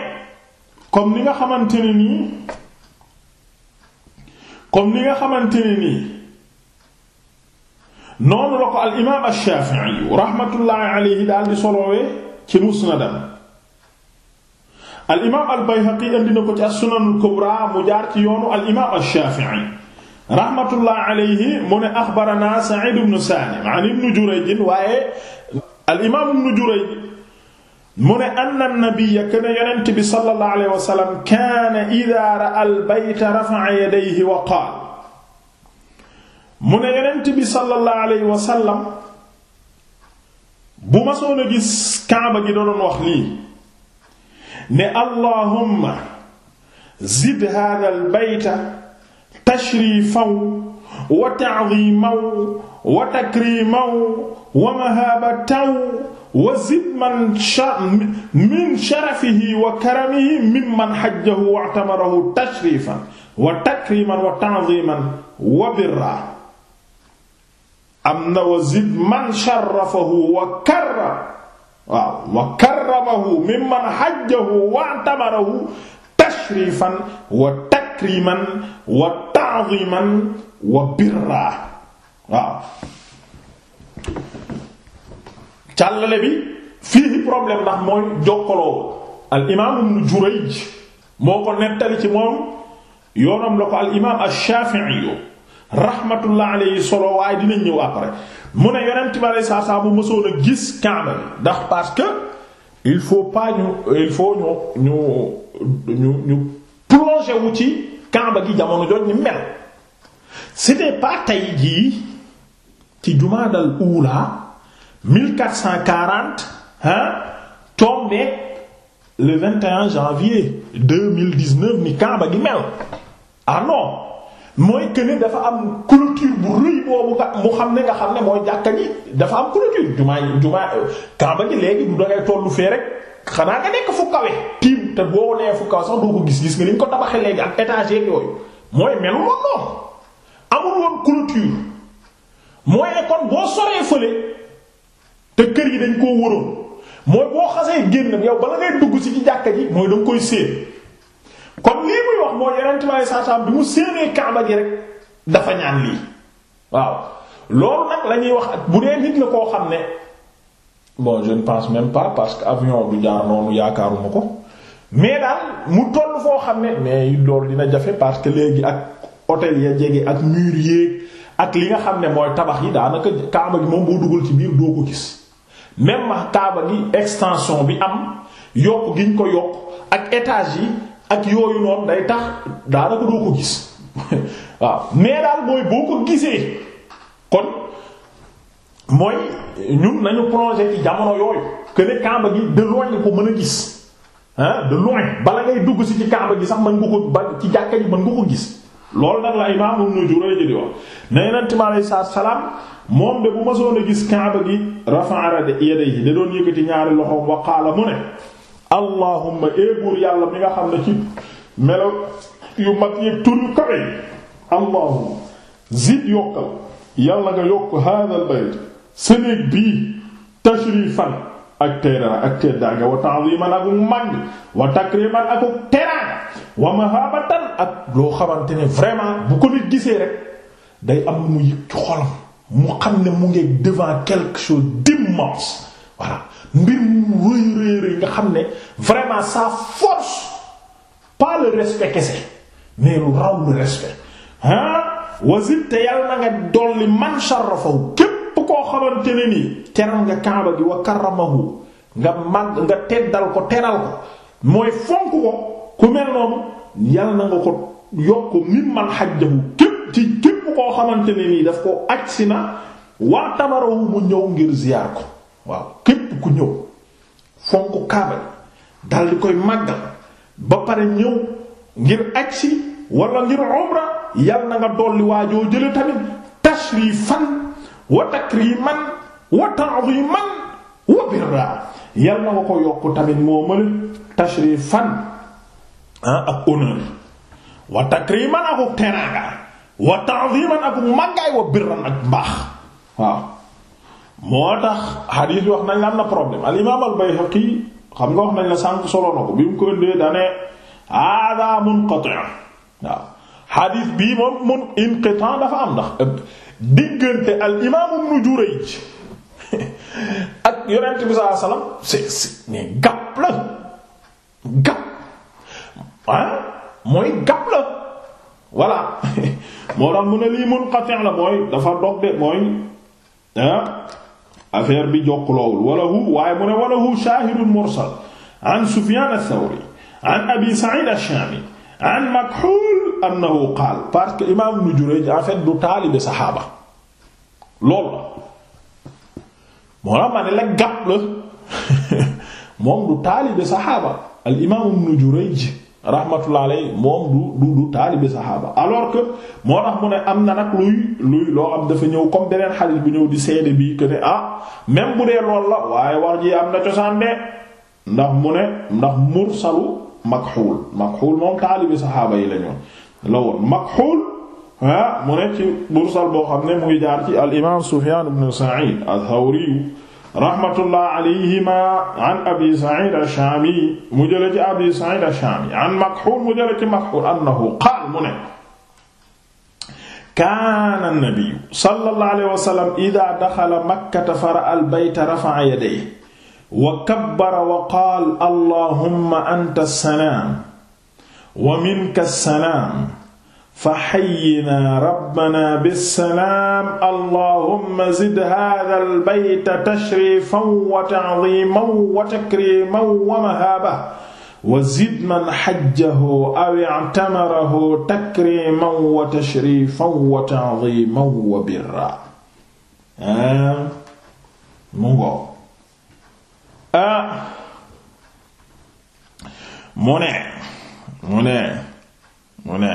comme ni nga xamante ne nii kom ni nga xamante ne nii noonu la ko al imaam ash-Shafi'i rahmatullahi alayhi daal di solowee ci musnadam al imaam al Bayhaqi andi na ko ci as-Sunan al-Kubra mu jaar ci yoonu al imaam ash-Shafi'i rahmatullah alayhi mu ne axbarana Sa'id ibn Salim an ibn Jurayj waaye al imaam ibn Jurayj mu ne anna nabiyya kana yonent bi sallallahu alayhi wa sallam kaana idhaa ra'a al-bayta rafa'a yadayhi wa qaala mu ne yonent bi sallallahu alayhi wa sallam bu ma soon a gis kaaba gi doon wax lii ne allahumma zid haadha al-bayta tashrifan wa ta'dhiman wa takrimaw wa mahaabataw wa zid man min sharafihi wa karamihi mimman hajjahu wa i'tamarahu tashrifan wa takriman wa ta'ziman wa birra am na wa zid man sharafahu wa karrama waaw wa karramahu mimman hajjahu wa i'tamarahu tashrifan wa takriman wa ta'ziman wa birra waaw càllale bi fii problème ndax mooy jokkaloo al imaam ibnu Jurayj moo ko nettali ci moom yoonam la ko al imaam ash-Shafi'i rahmatullah alayhi solo waaye dinañ ñëw après mu ne yonent bi alayhi salaatu salaam bu mësoon a gis Kaaba bi ndax parce que il faut pas ñu il faut ñu ñu ñu ñu plonger wu ci Kaaba gi jamono jooju ñu mel c'était pas tey jii. ci jumaadal uula 1440 hein tombé le 21 janvier 2019 ni Kaaba gi mel ah non mooy que ne dafa am clôture bu rëy boobu nga mu xam ne nga xam ne mooy jàkka ji dafa am clôture jumaa jumaa Kaaba gi léegi du dangay tollu fee rek xanaa nga nekk fu kawe tiim te boo nee fu kawe sax doo ko gis gis nga li ñu ko tabaxee léegi ak étage yooyu mooy melu woon noonu amul woon clôture. mooy ne kon boo soree fële te kër yi dañ koo wëroon mooy boo xasee génn yow bala ngay dugg si ci jàkka ji mooy da nga koy séen kon lii muy wax mooy yeneen saasaam bi mu séenee kaaba gi rek dafa ñaan lii waaw loolu nag la wax ak bu dee nit la koo xam ne bon je ne pense même pas parce que avion du jaar noonu yaakaaruma ko mais daal mu toll foo xam ne mais loolu dina jafe parce que léegi ak hôtel ya jege ak mur yéeg ak li nga xam ne mooy tabax yi daanaka kaaba gi moom boo dugal ci biir boo ko gis même kaaba gi extension bi am yokk giñ ko yokk ak étage yi ak yooyu noonu day tax daanaka doo ko gis waaw mais daal mooy boo ko gisee kon mooy ñun nañu projet ci jamono yooyu que ne kaaba gi de loin ko mën a gis ah de loin bala ngay dugg si ci kaaba gi sax mën nga ko ba ci jàkka ji mën nga ko gis lool nag la imaam Ibnu Jurayj di wax ne Yonent mi alayhi salaam moom de bu ma soon a gis Kaaba gi rafa'a yadayhi da doon yëkkati ñaari loxoom wa qaala mu ne allahumma eebuur yàlla mi nga xam ne ci melo yu mag yi tur yu kawe yi allahumma zid yokkal yàlla nga yokk haadal bayt sénéeg bii tashrifan ak teera ak teddaange wa ta'ziman ak mag wa takriman ak teraanga wa mahabatan ak loo xamante ne vraiment bu ko nit gisee rek day am lu mu mu xam ne mu ngi devant quelque chose d'immense voilà mbir mu rëy rëy nga xam ne vraiment sa force pas le respect kese mais lu raw le respect ah wasit te yàlla na nga dolli man sharafahu képp koo xamante nii teral nga kaaba gi wa karamahu nga mag nga teddal ko teral ko mooy fonk ko ku mel noonu yàlla na nga ko yokk mimman hajjahu képp ci képp koo xamante ne nii daf ko aj na waa tamarawu mu ñëw ngir ziyaar ko waaw képp ku ñëw fonk kaaba dal koy màggal ba pare ñëw ngir aj si wala ngir umra yàlla na nga dolli waajoo jële tamit tashrifan wa takriman wa ta'ziman wa birra yàlla na nga ko yokk tamit moo mën tashrifan Ah, ak honneur wa takriman akuk teraanga wa ta'ziman akuk màggaay wa birran ak mbaax waaw moo tax xadiis bi wax nañ la am na problème al imaam al Bayhaqi xam nga sànq solo na ko bi mu ko indee dane hada munqati' waaw xadiis bii mun inqitan dafa am ndax diggante al imaam ibn Jurayj ak yonent bi sallallahu alayhi wasallam c'est c'est mais gàpp la gàpp ah mooy gàpp la voilà moo tax mu ne lii munqati' la mooy dafa dog de mooy ah affaire bi jokkuloowul wala hu waaye mu ne wala hu shaahidun mursal an Sufyaan ath-Thawri an Abi Sa'iid ash-Shaami an Makhuul annahu qaal parce que imaam Ibn Jurayj en du taalibe saxaaba loolu moo tax ma la gàpp la moom du taalibe saxaaba al imaam Ibn Jurayj rahmatullahi alayhi moom du du du saxaaba alors que moo tax mu ne am na nag luy luy loo xam dafa ñëw comme beneen xadiis bu ñëw di seede bi que ne ah même bu dee lool la waaye wax ji am na cosaan de ndax mu ne ndax mursalu makxuul makxuul moom taalibe saxaaba yi la ñoon la woon makxuul ah mu ne ci mursal boo xam ne mu ngi jaar ci al imaam Sufyaan ibn al-Thawri rahmatullah alayhima an abi sa'id ash-shami mu jële ci abi sa'id ash-shami an makhul mu jële ci makhul annahu qaal mu ne kaana an-nabiy sallallahu alayhi wa sallam idha dakhala makkata fara'a al-bayta rafa'a yadayhi wa kabbara wa qaala allahumma anta as-salaam wa minka as-salaam fa xayyinaa rabbanaa bissalaam allahumma zid haadhal bayta tashriifan wa ta'ziiman wa takriiman wa mahaabah wa zid man xajjahu aw i'tamarahu takriiman wa tashriifan wa ta'ziiman wa birran. mu ngo ah mu ne mu ne mu ne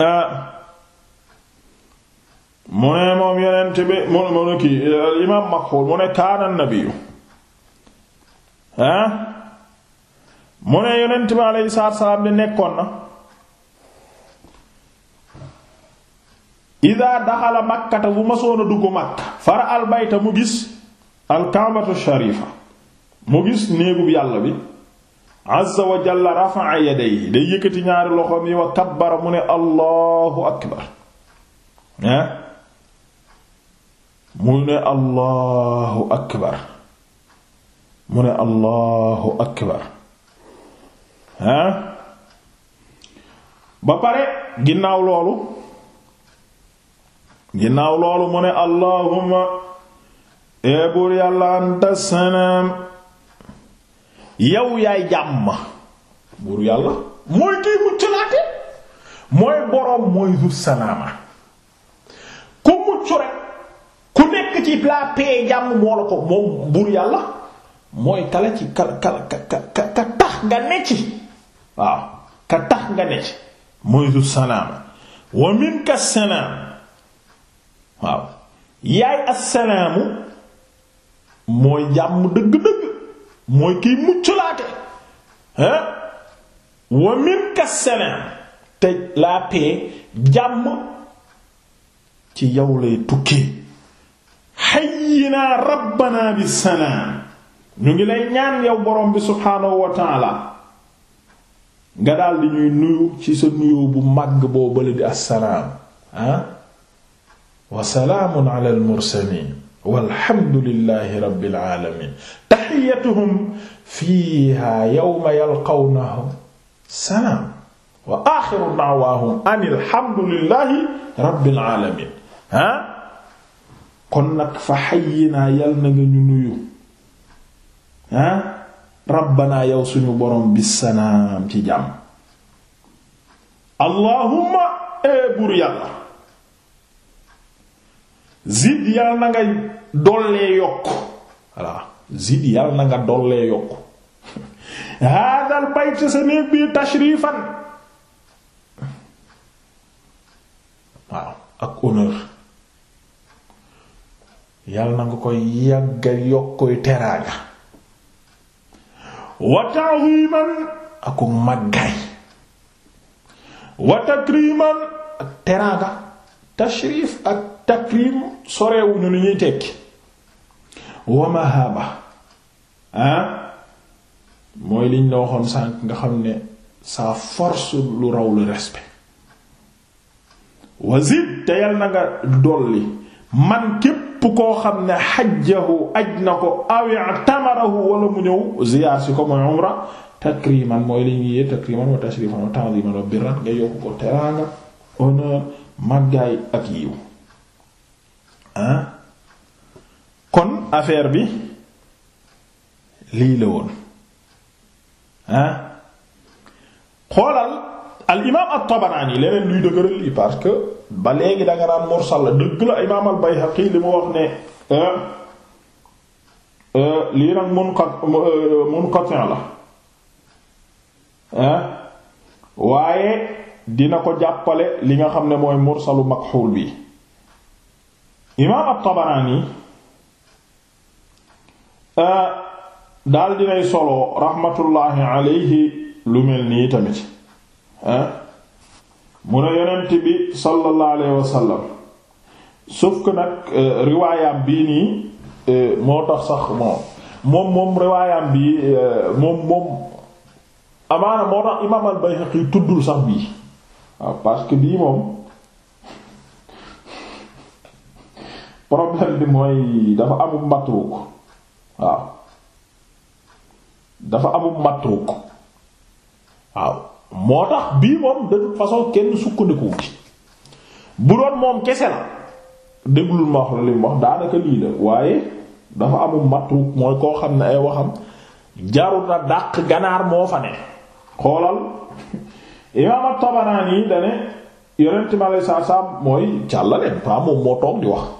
Ah. mu ne moom yonent bi mu ne mu ne kii imaam Maxuul mu ne kaana nabiyu ah mu ne yonent bi aleyhi salaatu salaam di nekkoon na idaa daxala makkata bu ma soon a fara albayta mu gis alkaabatu sharifa mu gis néegub yàlla bi azza wa jalla rafa'a yadayhi day yëkkati ñaari loxo mi wa mu ne allahu akbar ah mu ne allahu akbar mu ne allahu akbar ah ba pare ginnaaw loolu ginnaaw loolu mu ne allahumma ee buur yàlla anta salaam yow yaay jàmm buur yàlla mooy kiy mucc laate mooy boroom mooy zur ku mucc rek ku nekk ci la paix jàmm moo la ko moom buur yàlla mooy kala ci ka ka ka ka tax nga ne ci waaw ka tax nga ne ci mooy zur salaama wa minka waaw yaay assalaamu mooy jàmm dëgg-dëgg mooy kiy mucclaate hein wa minka salam te la paix jàmm ci yow lay tukkee hayyina rabbana bi salaam ñu ngi lay ñaan yow borom bi subhaanahu wa taala nga daal ñuy nuyu ci sa nuyoo bu màgg boo bale di assalaam ah wa salaamun walhamdulillahi rabbil aalamiin tahiyyatuhum fiihaa yawma yalqawnahu salaam wa aaxiru da'waahum anil hamdulillahi rabbil aalamiin ah kon nag fa hayyinaa yal na nga ñu nuyu ah rabbanaa yow suñu boroom bisalaam ci jàmm allahumma ee buur yàlla zid yal na nga dollee yokk voilà zid yal na nga dollee yokk haadal bayt sa néeg bii tashrifan waaw ak honneur yal na nga koy yàgga yokk koy teraanga wa ta'ziman aku màggaay ak teraanga tashrif ak takrim sorewuñu lu ñuy tekki wa ah? mooy liñ la waxoon sànq nga xam ne sa force lu raw le respect wazid te yal na nga dolli man képp koo xam ne xajjahu aj na ko awi tamarahu wala mu ñëw ziyaar si ko mooy umra takriman mooy li ñuy takriman wa tashrifan wa ta'ziman nga yokk ko teraanga honneur màggaay ak yiw kon affaire bi lii la woon ah xoolal al imaam at-Tabaraani leneen luy dëgëral yi parce que ba léegi danga naan mursal la dëgg la imaam al-Bayhaqi li mu wax ne euh, lii nag euh, munqati' la waaye dina ko jàppale li nga xam ne mooy mursalu makxuul bi imaam at-Tabaraani euh, daal dinay solo raxmatullaahi lu mel nii tamit mu ne yonent bi sallallahu alayhi wa sallam sauf que nag euh, bii nii euh, moo tax sax moom moom moom riwaayam bi moom moom amaana moo tax imaam al-Bayhaqi tuddul sax bii parce que bii moom problème bi mooy dafa amul matruk waaw dafa amul matruk waaw moo tax bii moom de façon kenn sukkandiku ci bu doon moom kese la déglul ma wax la li mu wax daanaka lii la waaye dafa amul matruk mooy koo xam ne ay waxam jarul na dàq ganaar moo fa ne xoolal imaam at-Tabarani yi dane yonent mi aleyhi salaam mooy càllale pas moom moo toog di wax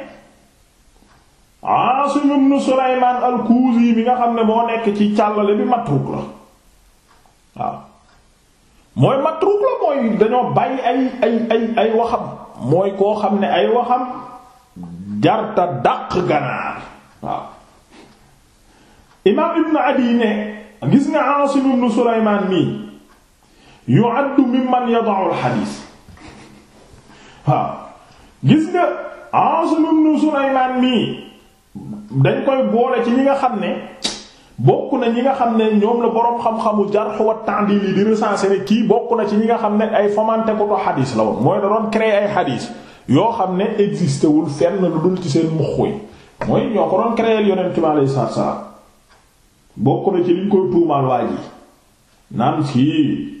Aasim bi nga xam ne moo nekk ci càllale bi matruuk la waaw mooy koo xam ne ay waxam jarta dàq ganaar waaw imaam ibn Adiy ne gis nga Aasim ibn Sulaymaan mii yu'addu mimman yada'u al-hadiis waaw gis nga Aasim ibn Sulaymaan mii dañ koy boole ci ñi nga xam ne bokk na ñi nga xam ne ñoom la boroom xam-xamu jarh wa ta'dil yi di recenser ne kii bokk na ci ñi nga xam ne ay fomante ko to xadiis la woon mooy da doon créer ay xadiis yoo xam ne existé wul na lu dul ci seen muxuy mooy ñoo ko doon créer yonent bi alayhi salaatu bokk na ci liñ koy tuumaal waa ji naan fii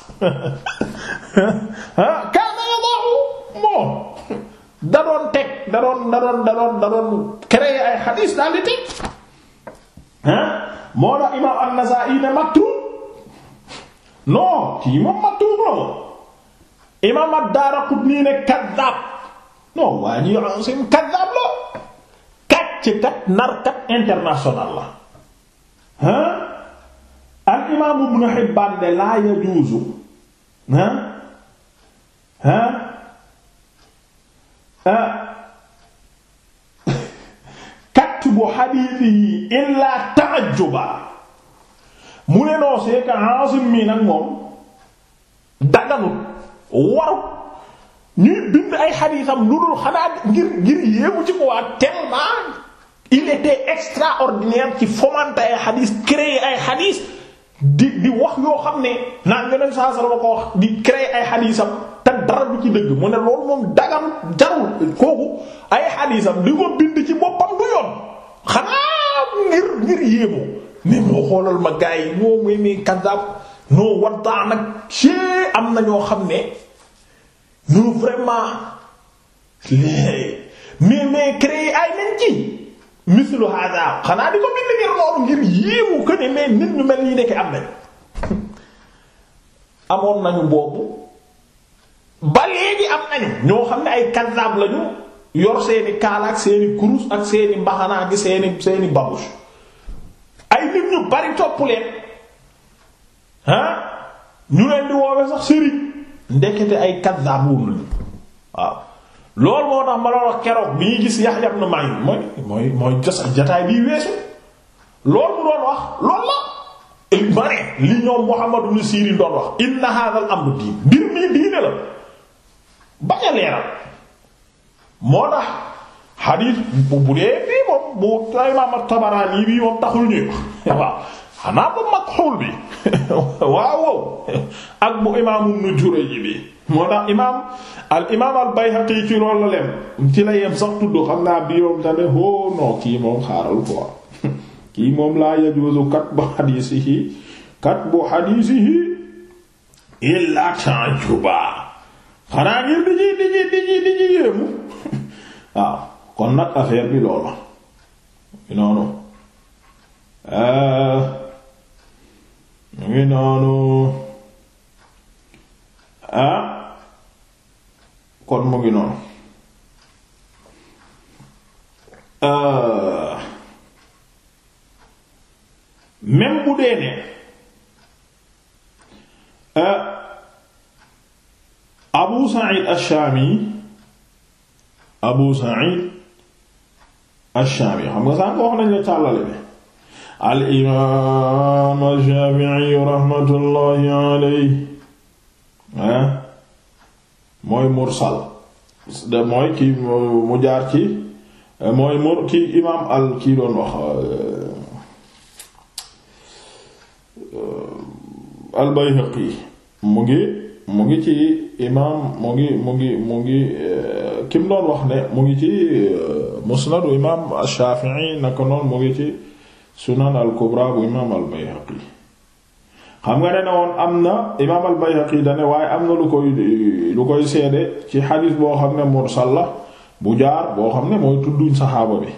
kaana yada'u moom da doon teg da doon da doon da doon da doon créer ay xadiis daal moo tax imaam an-Nasaa'i ne matruuk non kii moom matruuk la moom imaam ad-Daaraqutni kaddaab non waa ji seen kaddaab la kat ci kat nar kat international la ah al imaam Ibn Hibbaan ne laa yajuuzu ah ah ah katbu hadiisihi illaa ta'ajjuba mu ne noo see ka Aasim mi nag moom daganut warut ñuy bind ay xadiisam lu dul xanaa ngir ngir yéemu ci ko waa tellement il était extraordinaire ci fomenter ay xadiis créer ay xadiis di di wax yoo xam ne naan yonent saa sala ko wax di créer ay xadiisam te dara du ci dëgg mu ne loolu moom dagam jarul kooku ay xadiisam li ko bind ci boppam du yoon xanaa ngir ngir yéemu mais moo xoolal ma gars yi moo muy muy kaddaab noo waddaa nag ci am na ñoo xam ne ñun vraiment mais mais créer ay nañ ci. mislu hada xanaa di ko bind ngir loolu ngir yéemu ko nit ñu mel nii nekk am nañ amoon nañu boobu ba léegi am nañu ñoo xam ne ay kaddaab lañu yor seeni kaala ak seeni kurus ak seeni mbaxana ak seeni seeni babush ay nit ñu bari topp leen ah ñu leen woowe sax sëriñ ndekete ay kaddaab wóor lañu waaw. loolu moo tax ma la keroog bi ñuy gis Yahya ibn Ma'in mooy mooy mooy jotaay biy weesu loolu mu doon wax loolu ma ne li ñoom Muhammad ibn Sirin doon wax inna hadha al-amru diin mbir mii diine la bañ a moo tax xadiis bu bu dee bii moom bu imaam Tabaraani bii moom taxul ñuy wax waaw xanaa bu mag xool bi waaw ak bu imaam Ibn Jurayj bi moo tax imaam al imaam al Bayhaqi ci loolu la lem ci la yem sax tudd xam naa bi yoom hoo non kii moom xaaral ko kii moom laa yajuuzu katbu hadiisihi katbu hadiisihi illaa ta'ajjuba xanaa ngir di ji di ji di ji yéemu waaw kon nag affaire bi loolu noonu euh, ngi ah kon mu ngi noonu euh, même bu dee ne euh, Abu Sa'id Ash-Shami Abu Sa'id Ash-Shami xam nga sànq wax nañ la càllale bi al-Imam Ash-Shafi'i rahmatullahi alayhi mooy mursal da mooy ki mu jaar ci mooy mur ki imaam al kii doon wax euh, al Bayhaqi mu ngi mu ngi ci imaam mu ngi mu ngi mu ngi euh, kim doon wax ne mu ngi ci euh, musnadu imaam al Shafi'i naka noonu mu ngi ci sunan al kubra bu imaam al Bayhaqi xam nga ne ne woon am na imaam al-Bayhaqi dane waaye am na lu koy lu koy seede ci xadiis boo xam ne mursal la bu jaar boo xam ne mooy tudduñ saxaaba bi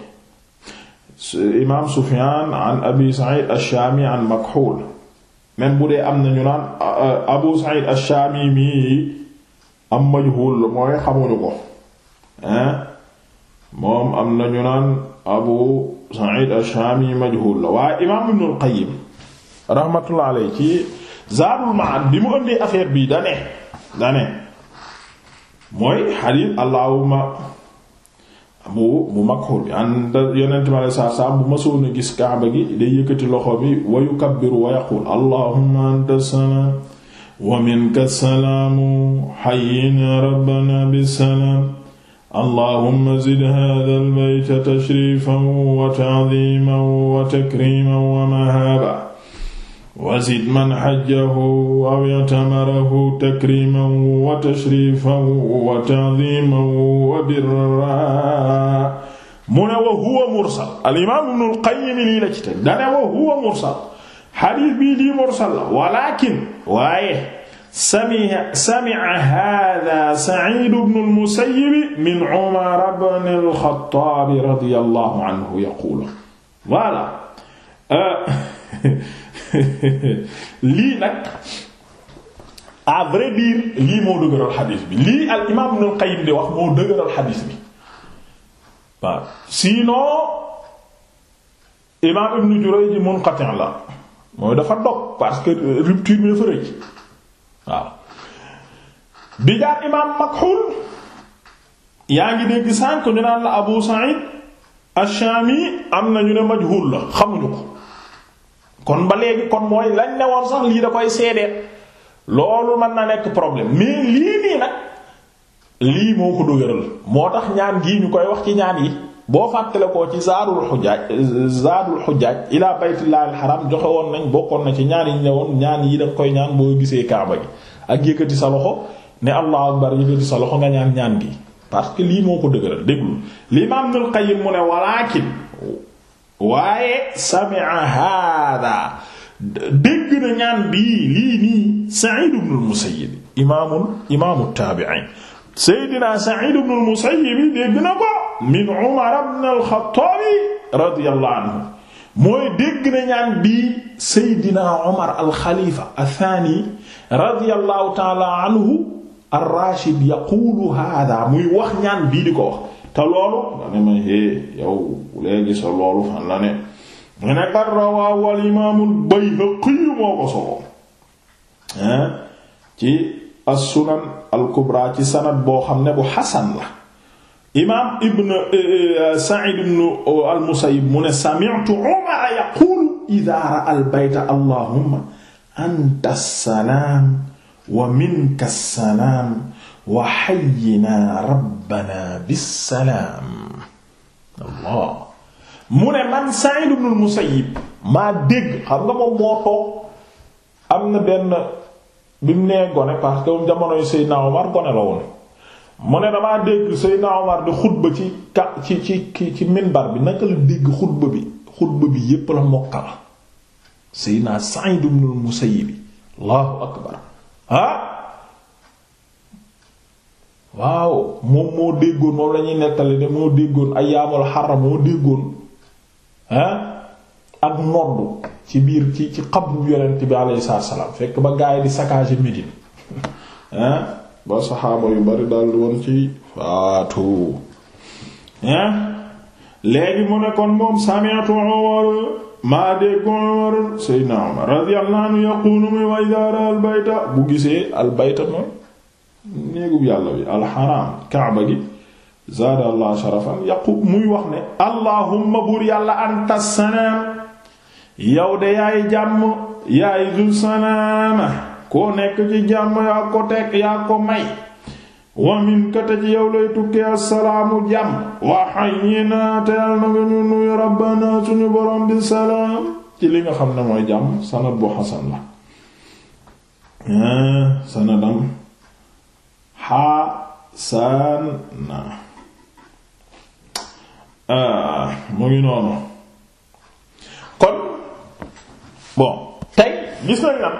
imaam Sufyaan an Abi Sa'id bu dee am na ñu naan Abu Sa'id ash-Shaami mi am majhuul mooy xamuñu ko moom am na ñu naan Abu Sa'id ash-Shaami majhuul la waaye imaam Ibnul Qayyim rahmatullah alay ci Zaadul Ma'ad bi mu ëndee affaire bi da ne da ne mooy xadiis allahuma mu mu makxul bi ànd yonent mi alay salaam bu mësoon a gis kaaba gi day yëkkati loxo bi wa yukabbiru wa yaqul allahumma anta salaam wa minka salaamu hayyina rabbana bisalaam allahumma zid haadhal bayta tashrifan wa ta'ziman wa takriman wa mahaaba wasid man xajjahu aw yatamarahu takriman wa tashrifan wa ta'ziman wa birra mu ne wa huwa mursal alimaam ibnul qayyim lii la ci teg dane wa huwa mursal xadiis bii di mursal la walakin waaye sami'a sami'a haadha Sa'iid ibnul Musayyib min Umar ibnil Xattaab radiyallahu anhu yaquulu voilà euh, lii nag à vrai dire lii moo dëgëral xadiis bi lii al imaam Ibnul Qayyim di wax moo dëgëral xadiis bi waaw sinon imaam Ibnu Jurayj munqati' la mooy dafa dog parce que rupture bi dafa rëcc bi jaar imaam Makhul yaa ngi dégg sànq ñu naan la Abu Sa'id ash-Shami am na ñu ne majhul la xamuñu kon ba léegi kon mooy lañ ne woon sax lii da koy seedeel loolu mën na nekk problème mais lii nii nag lii moo ko dëgëral moo tax ñaan gii ñu koy wax ci ñaan yi boo fàttale ko ci zaadul xujjaaj zaadul xujjaaj ilaa baytillahil xaram joxe woon nañ bokkoon na ci ñaan yi ne woon ñaan yi da koy ñaan boo gisee kaaba gi ak yëkkati sa loxo ne allahu akbar yëkkati sa loxo nga ñaan ñaan gi parce que lii moo ko dëgëral déglu l'imam Ibnul Qayyim mu ne walaakin waaye sami'a haadaa dégg na ñaan bii lii nii Sa'id ibn al-Musayyib imaamul imaamu taabi'iin Seydina Sa'id ibn al-Musayyib dégg na ko min Umar ibn al-Khattab radiyallahu anhu mooy dégg na ñaan bii Seydina Umar al-Khalifa ath-Thani radiyallahu ta'ala anhu ar-Rashid yaqulu haadaa muy wax ñaan bii di ko wax te loolu nga ne ma hee yow léegi sa loolu fan la ne nga ne qad rawaahu al imaamul Bayhaqi moo ko solo ci as-sunan al kubra ci sanad boo xam ne bu xasan la imaam ibn eh, eh, Sa'id ibn eh, al-Musayyib mu ne sami'tu Umar yaqulu idha ra'a al-bayta allahumma anta as-salaam wa minka as-salaam wa hayyina rabbana bissalaam allah mu ne man Sa'id ibn al maa dégg xam nga moom moo toog am na benn bi mu nee gone parce que moom jamonoy Seydina Omar gone la woon mu ne damaa dégg Seydina Omar di xutba ci ci ci minbar bi naka la dégg xutba bi xutba bi yépp la mokka la Seydina Sa'id ibn al-Musayyib allahu akbar ah waaw moom moo déggoon moom lañuy ñuy nettali de moo déggoon ayyaamul xarra moo déggoon ah ak nodd ci biir ci ci xabru yonent bi alayhi salaam fekk ba gaay di saccager Médine ah ba saxaaba yu bari dal woon ci faatu léegi mu nekkoon moom sami'tu Umar maa dégg Umar sayyidina Umar radiyallahu anhu yaqulu wa idha ra'a al bayta bu gisee al bayta néegub yàlla bi alxaraam kaaba gi zaada allah sharafan muy wax ne allahumma buur yàlla anta sanaam yow de ci jàmm xam ne mooy jàmm sanad bu hasan la ah, sanadam xasana ah, mu ngi noonu kon bon tey gis nañ nag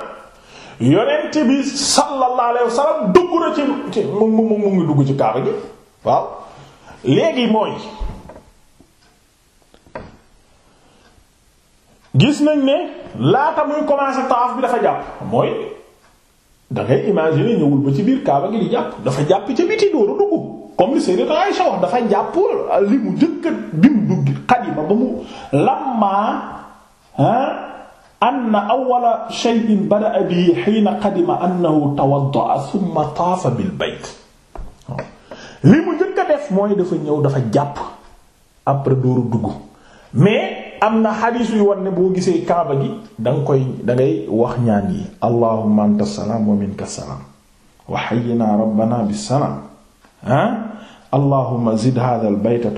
yonent bi sallallahu alayhi wasallam dugg na ci ci mu mu mu ngi dugg ci kaaba gi waaw léegi mooy gis nañ ne laata muy commencer tawaaf bi dafa jàpp mooy dangay imaginer ñëwul ba ci biir Kaaba gi di jàpp dafa jàpp ca biti dooru dugg comme li Sayyidatu Aisha wax dafa jàpp li mu jëkk bi mu dugg xadima ba mu lammaa ah, anna awwala shay'in bada'a bihi hiina qadima annahu tawadda'a thumma taafa bil bayt li mu jëkk def mooy dafa ñëw dafa jàpp après dooru dugg mais am na xadiis yu wan ne boo gisee kaaba gi danga koy dangay wax ñaan yi allahumma anta salaam wa minka salaam wa hayyina rabbana bisalaam ah allahumma zid hadha al bayta wa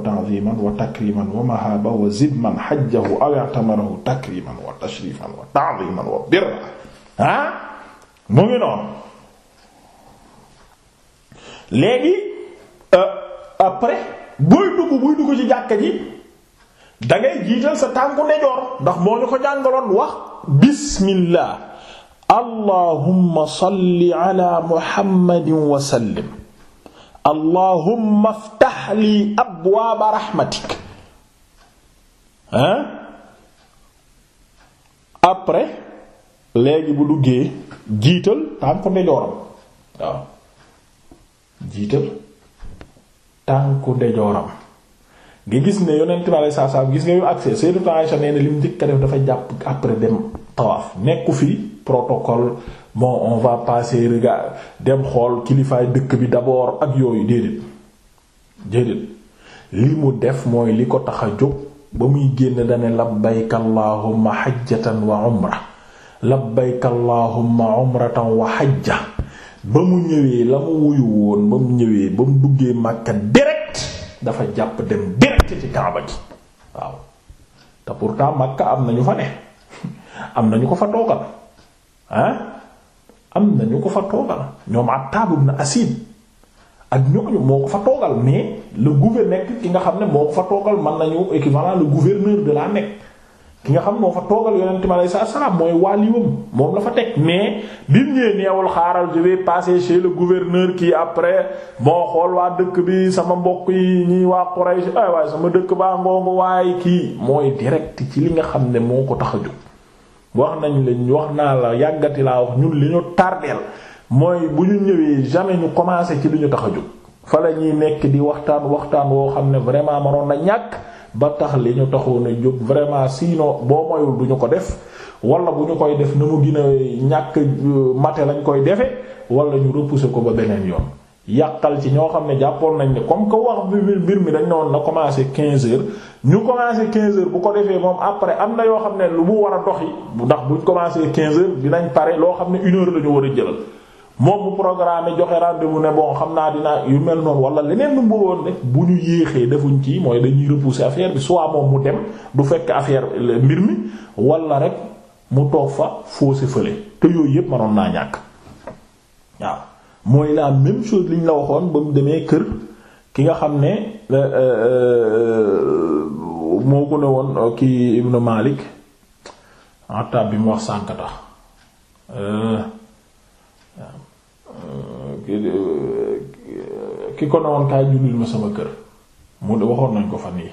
ta'ziman wa takriman wa mahaba wa zid man hajjahu ah, euh, après buy dugg buy dugg ci jàkka ji da ngay jiital sa tànku ndejoor ndax moo ñu ko jàngaloon wax bismillah allahumma salli ala allahumma iftah li abwaaba rahmatik hein après léegi bu duggee jiital tànku ndejooram waaw jiital tànku ndejooram nga gis ne yonent bi alayhi salaam gis nga yu accès Sayyidatu Aisha nee na li mu njëkk def dafa jàpp après dem tawaaf nekku fi protocole bon on va passer regard dem xool kilifaay dëkk bi d'abord ak yooyu déedéet déedéet li mu def mooy li ko tax a jóg ba muy génn dane labbayka allahumma hajjatan wa umra labbayka allahumma umratan wa hajja ba mu ñëwee la mu wuyu woon ba mu ñëwee ba mu duggee Makka direct dafa jàpp dem direct nekk ci kaaba gi waaw te pourtant Makka am na ñu fa ne am na ñu ko fa toogal ah am na ñu ko fa toogal ñoom Attab na Asid ak ñooñu moo ko fa toogal mais le gouverneur ki nga xam ne moo ko fa toogal mën nañu équivalent le gouverneur de la Mecque ki nga xam noo fa toogal ma mi alayhi salaam mooy wàlliwam moom la fa teg mais bi mu ñëwee neewul xaaral je vais passer chez le gouverneur kii après moo xool waa dëkk bi sama mbokk yi ñuy waa Quraysh ay ah, waaye sama dëkk baa ngoongu waaye kii mooy direct ci li nga xam ne moo ko tax a jóg wax nañ la wax naa la yàggati laa wax ñun li ñu tardeel mooy bu ñu ñëwee jamais ñu commencé ci li ñu tax a jóg fa la ñuy nekk di waxtaan waxtaan woo xam ne vraiment mënoon na ñàkk ba tax li ñu taxoon a jóg vraiment sinon boo moyul du ñu ko def wala bu ñu koy def na mu gën a ñàkk euh, mate lañ koy defe wala ñu repousser ko ba beneen yoon yàqal ci ñoo xam ne jàppoon nañ ne comme que wax bi mbir mi dañ ne na commencer quinze heures ñu commencer 15 heures bu ko defee moom après am na yoo xam ne lu mu war a dox yi ndax buñ commencer 15 heures dinañ pare loo xam ne une heure la ñu war a jëlal moom mu programme joxe rendez-vous ne bon xam naa dinaa yu mel noonu wala leneen lu mu woon rek bu ñu yéexee defuñ ci mooy dañuy repousser affaire bi soit moom mu dem du fekk affaire mbir mi wala rek mu toog fa fausse fële te yooyu yépp manoon naa ñàkk waaw mooy la même chose liñ la waxoon ba mu demee kër ki nga xam ne euh, euh, euh, moo ko ne woon ki Ibn Malik atab bi mu wax sànq tax. Eh, ki ko kaay jullil ma sama kër mu de waxoon nañ ko fan yi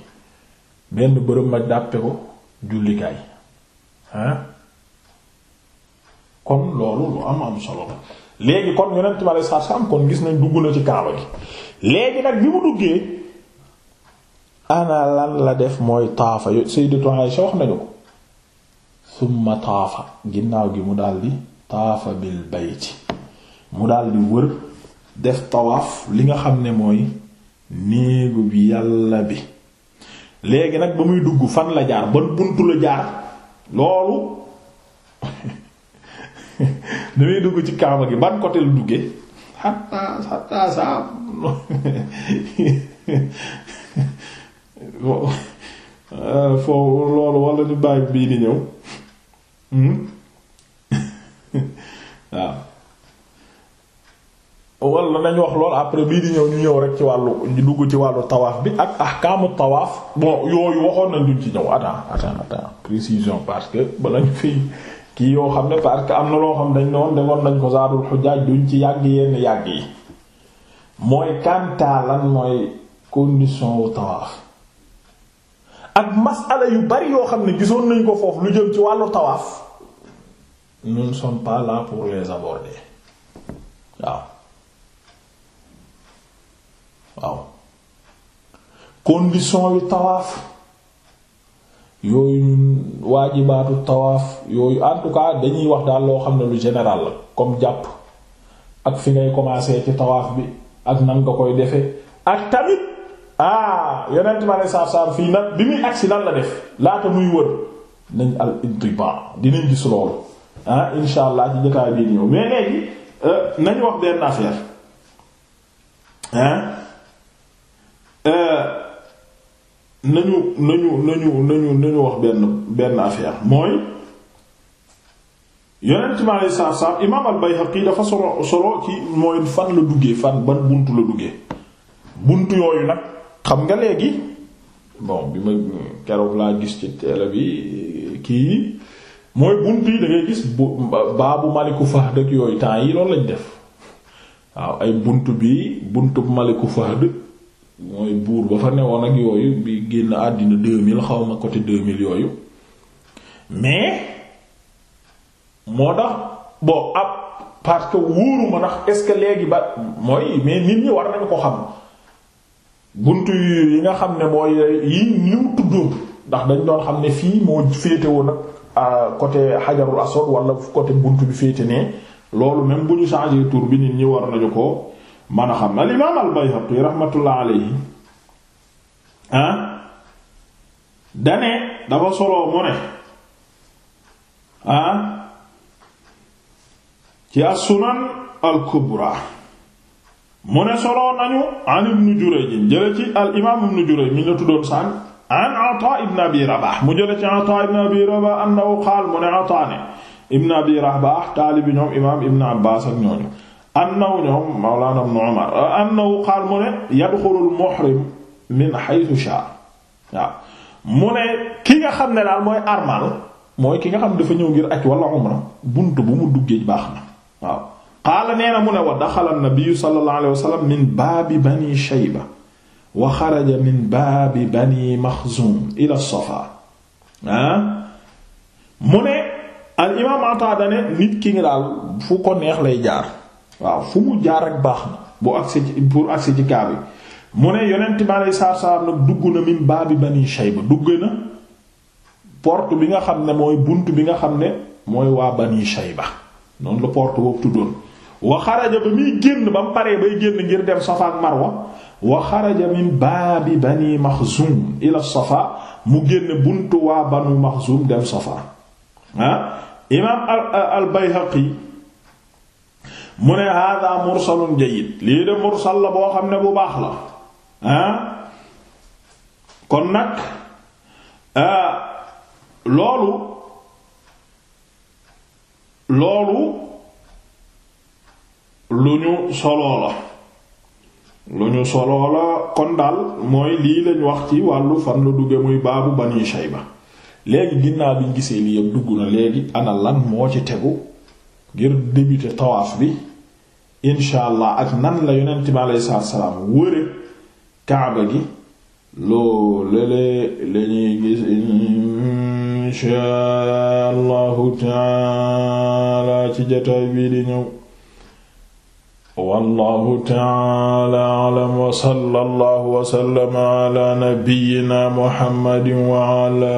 benn bërëb ma dàppe ko jullikaay hein kon loolu lu am am solo la léegi kon yonent ma lay saa saam kon gis nañ dugg na ci kaaba gi léegi nag bi mu duggee ana la def mooy taafa Sayyidatu Aisha wax nañu ko summa taafa ginnaaw gi mu daldi taafa bil ci mu daldi wër def tawaaf li nga xam ne mooy néegu bi yàlla bi léegi nag ba muy dugg fan la jaar ban buntu la jaar loolu da muy dugg ci kaaba gi ban côté lu duggee xataa xataa saa foofu euh, loolu wala ñu bàyyi bii di ñëw hmm? waaw wala nañ wax lool après bii di ñëw ñu ñëw rek ci wàllu dugg ci wàllu tawaaf bi ak ahkaamu tawaaf bon yooyu waxoon nañ duñ ci ñëw attends attends attends précision parce que bala ñu fi kii yoo xam ne parce que am na loo xam ne dañ ne woon nañ ko zaadul xujjaaj duñ ci yàgg yenn yàgg yi mooy kantaa lan mooy condition wu tawaaf ak masala yu bari yoo xam ne gisoon nañ ko foofu lu jëm ci wàllu tawaaf nous ne sommes pas pour les aborder waaw. waaw condition yu tawaaf yooyu ñun waajibaatu tawaaf yooyu en tout cas dañuy wax daal loo xam ne lu général la comme jàpp ak fi ngay commencer ci tawaaf bi ak nan nga koy defee ak tamit ah yonent ma ne saaf fii nag bi muy agsi lan la def laata muy wër nañ al intiba dinañ gis loolu ah insha allah ci jotaay bii ñëw mais léegi euh, nañ wax benn affaire Euh, nañu nañu nañu nañu nañu wax benn benn affaire mooy yonent mi aleyhi salaatu salaam imaam al-Bayhaqi dafa solo solo ci mooy fan la duggee fan ban bunt la duggee bunt yooyu nag xam nga léegi bon bi ma keroog laa gis ci teela bi kii yi mooy bunt yi da gis baabu maliku Fahd yooyu temps yi lool lañ def waaw ay bunt bi buntu maliku Fahd mooy buur ba fa newoon ak yooyu bi génn àddina 2000 xaw ma côté 2000 yooyu mais moo tax bo ab parce que ndax est-ce que léegi ba mooy mais nit ñi war nañu ko xam buntu yi nga xam ne mooy yi ñu tuddoon ndax dañ doon xam ne fii moo féete woon ak côté xajarul aswad wala côté buntu bi féete ne loolu même bu ñu changer tour bi nit ñi war nañu ko. man a xam al imaam al Bayhaqi rahmatullah alayhi ah dane dafa soloo mu ne ah, ci as-sunan mu ne soloo nañu an ibn Jurayj jële ci al imaam ibn Jurayj mi ñu la tuddoon sànq an Ata ibn Abi Rabah mu jële ci Ata ibn Abi Rabah annahu mu ne Ata ne ibn Abi Rabah taalibi ñoom imaam ibn Abbaas ak ñooñu annahu ñoom mawlana ibn Umar annahu qaal mu ne yadxulul muhrim mu ne ki nga xam ne daal mooy armal mooy ki nga xam ne dafa ñëw ngir aj wala bunt bu mu duggee baax na waaw qaala nee na mu ne wa daxala an-nabiyyu sallallahu alayhi wa sallam min baabi bani shayba wa xaraja min baabi bani maxzum ila safa mu ne al imaam ne nit ki nga daal fu ko neex lay jaar waaw fu mu jaar rek baax na boo agsi pour agsi ci kaa bi mu ne yonent bi aleyhi salaatu salaam nag dugg na min baabi bani shayba dugg na porte bi nga xam ne mooy bunt bi nga xam ne mooy waa bani shayba noonu la port boobu tuddoon wa xaraja ba muy génn ba mu paree bay génn ngir dem safa ak marwa wa xaraja min baabi bani maxzum ila safa mu génn buntu waa banu maxzum dem safa ah, imaam al al bayhaqi mu ne hàdda mursalun jayyid lii de mursal la boo xam ne bu baax la ah kon nag ah, loolu loolu lu ñu soloo la lu ñu soloo la kon daal mooy lii lañ wax ci wàllu fan la dugge muy baabu bani shayba léegi ginnaaw biñ gisee lii yëpp dugg na léegi ana lan moo ci tegu ngir débuter tawaas bi incha allah ak nan la yonent bi aleyhi salaatu salaam wëre kaaba gi loolu la ñuy gis incha allahu taala ci jotaay bii di ñëw. wallahu taala alam wa sallallahu wa sallama ala nabiyyina muhammadin wa ala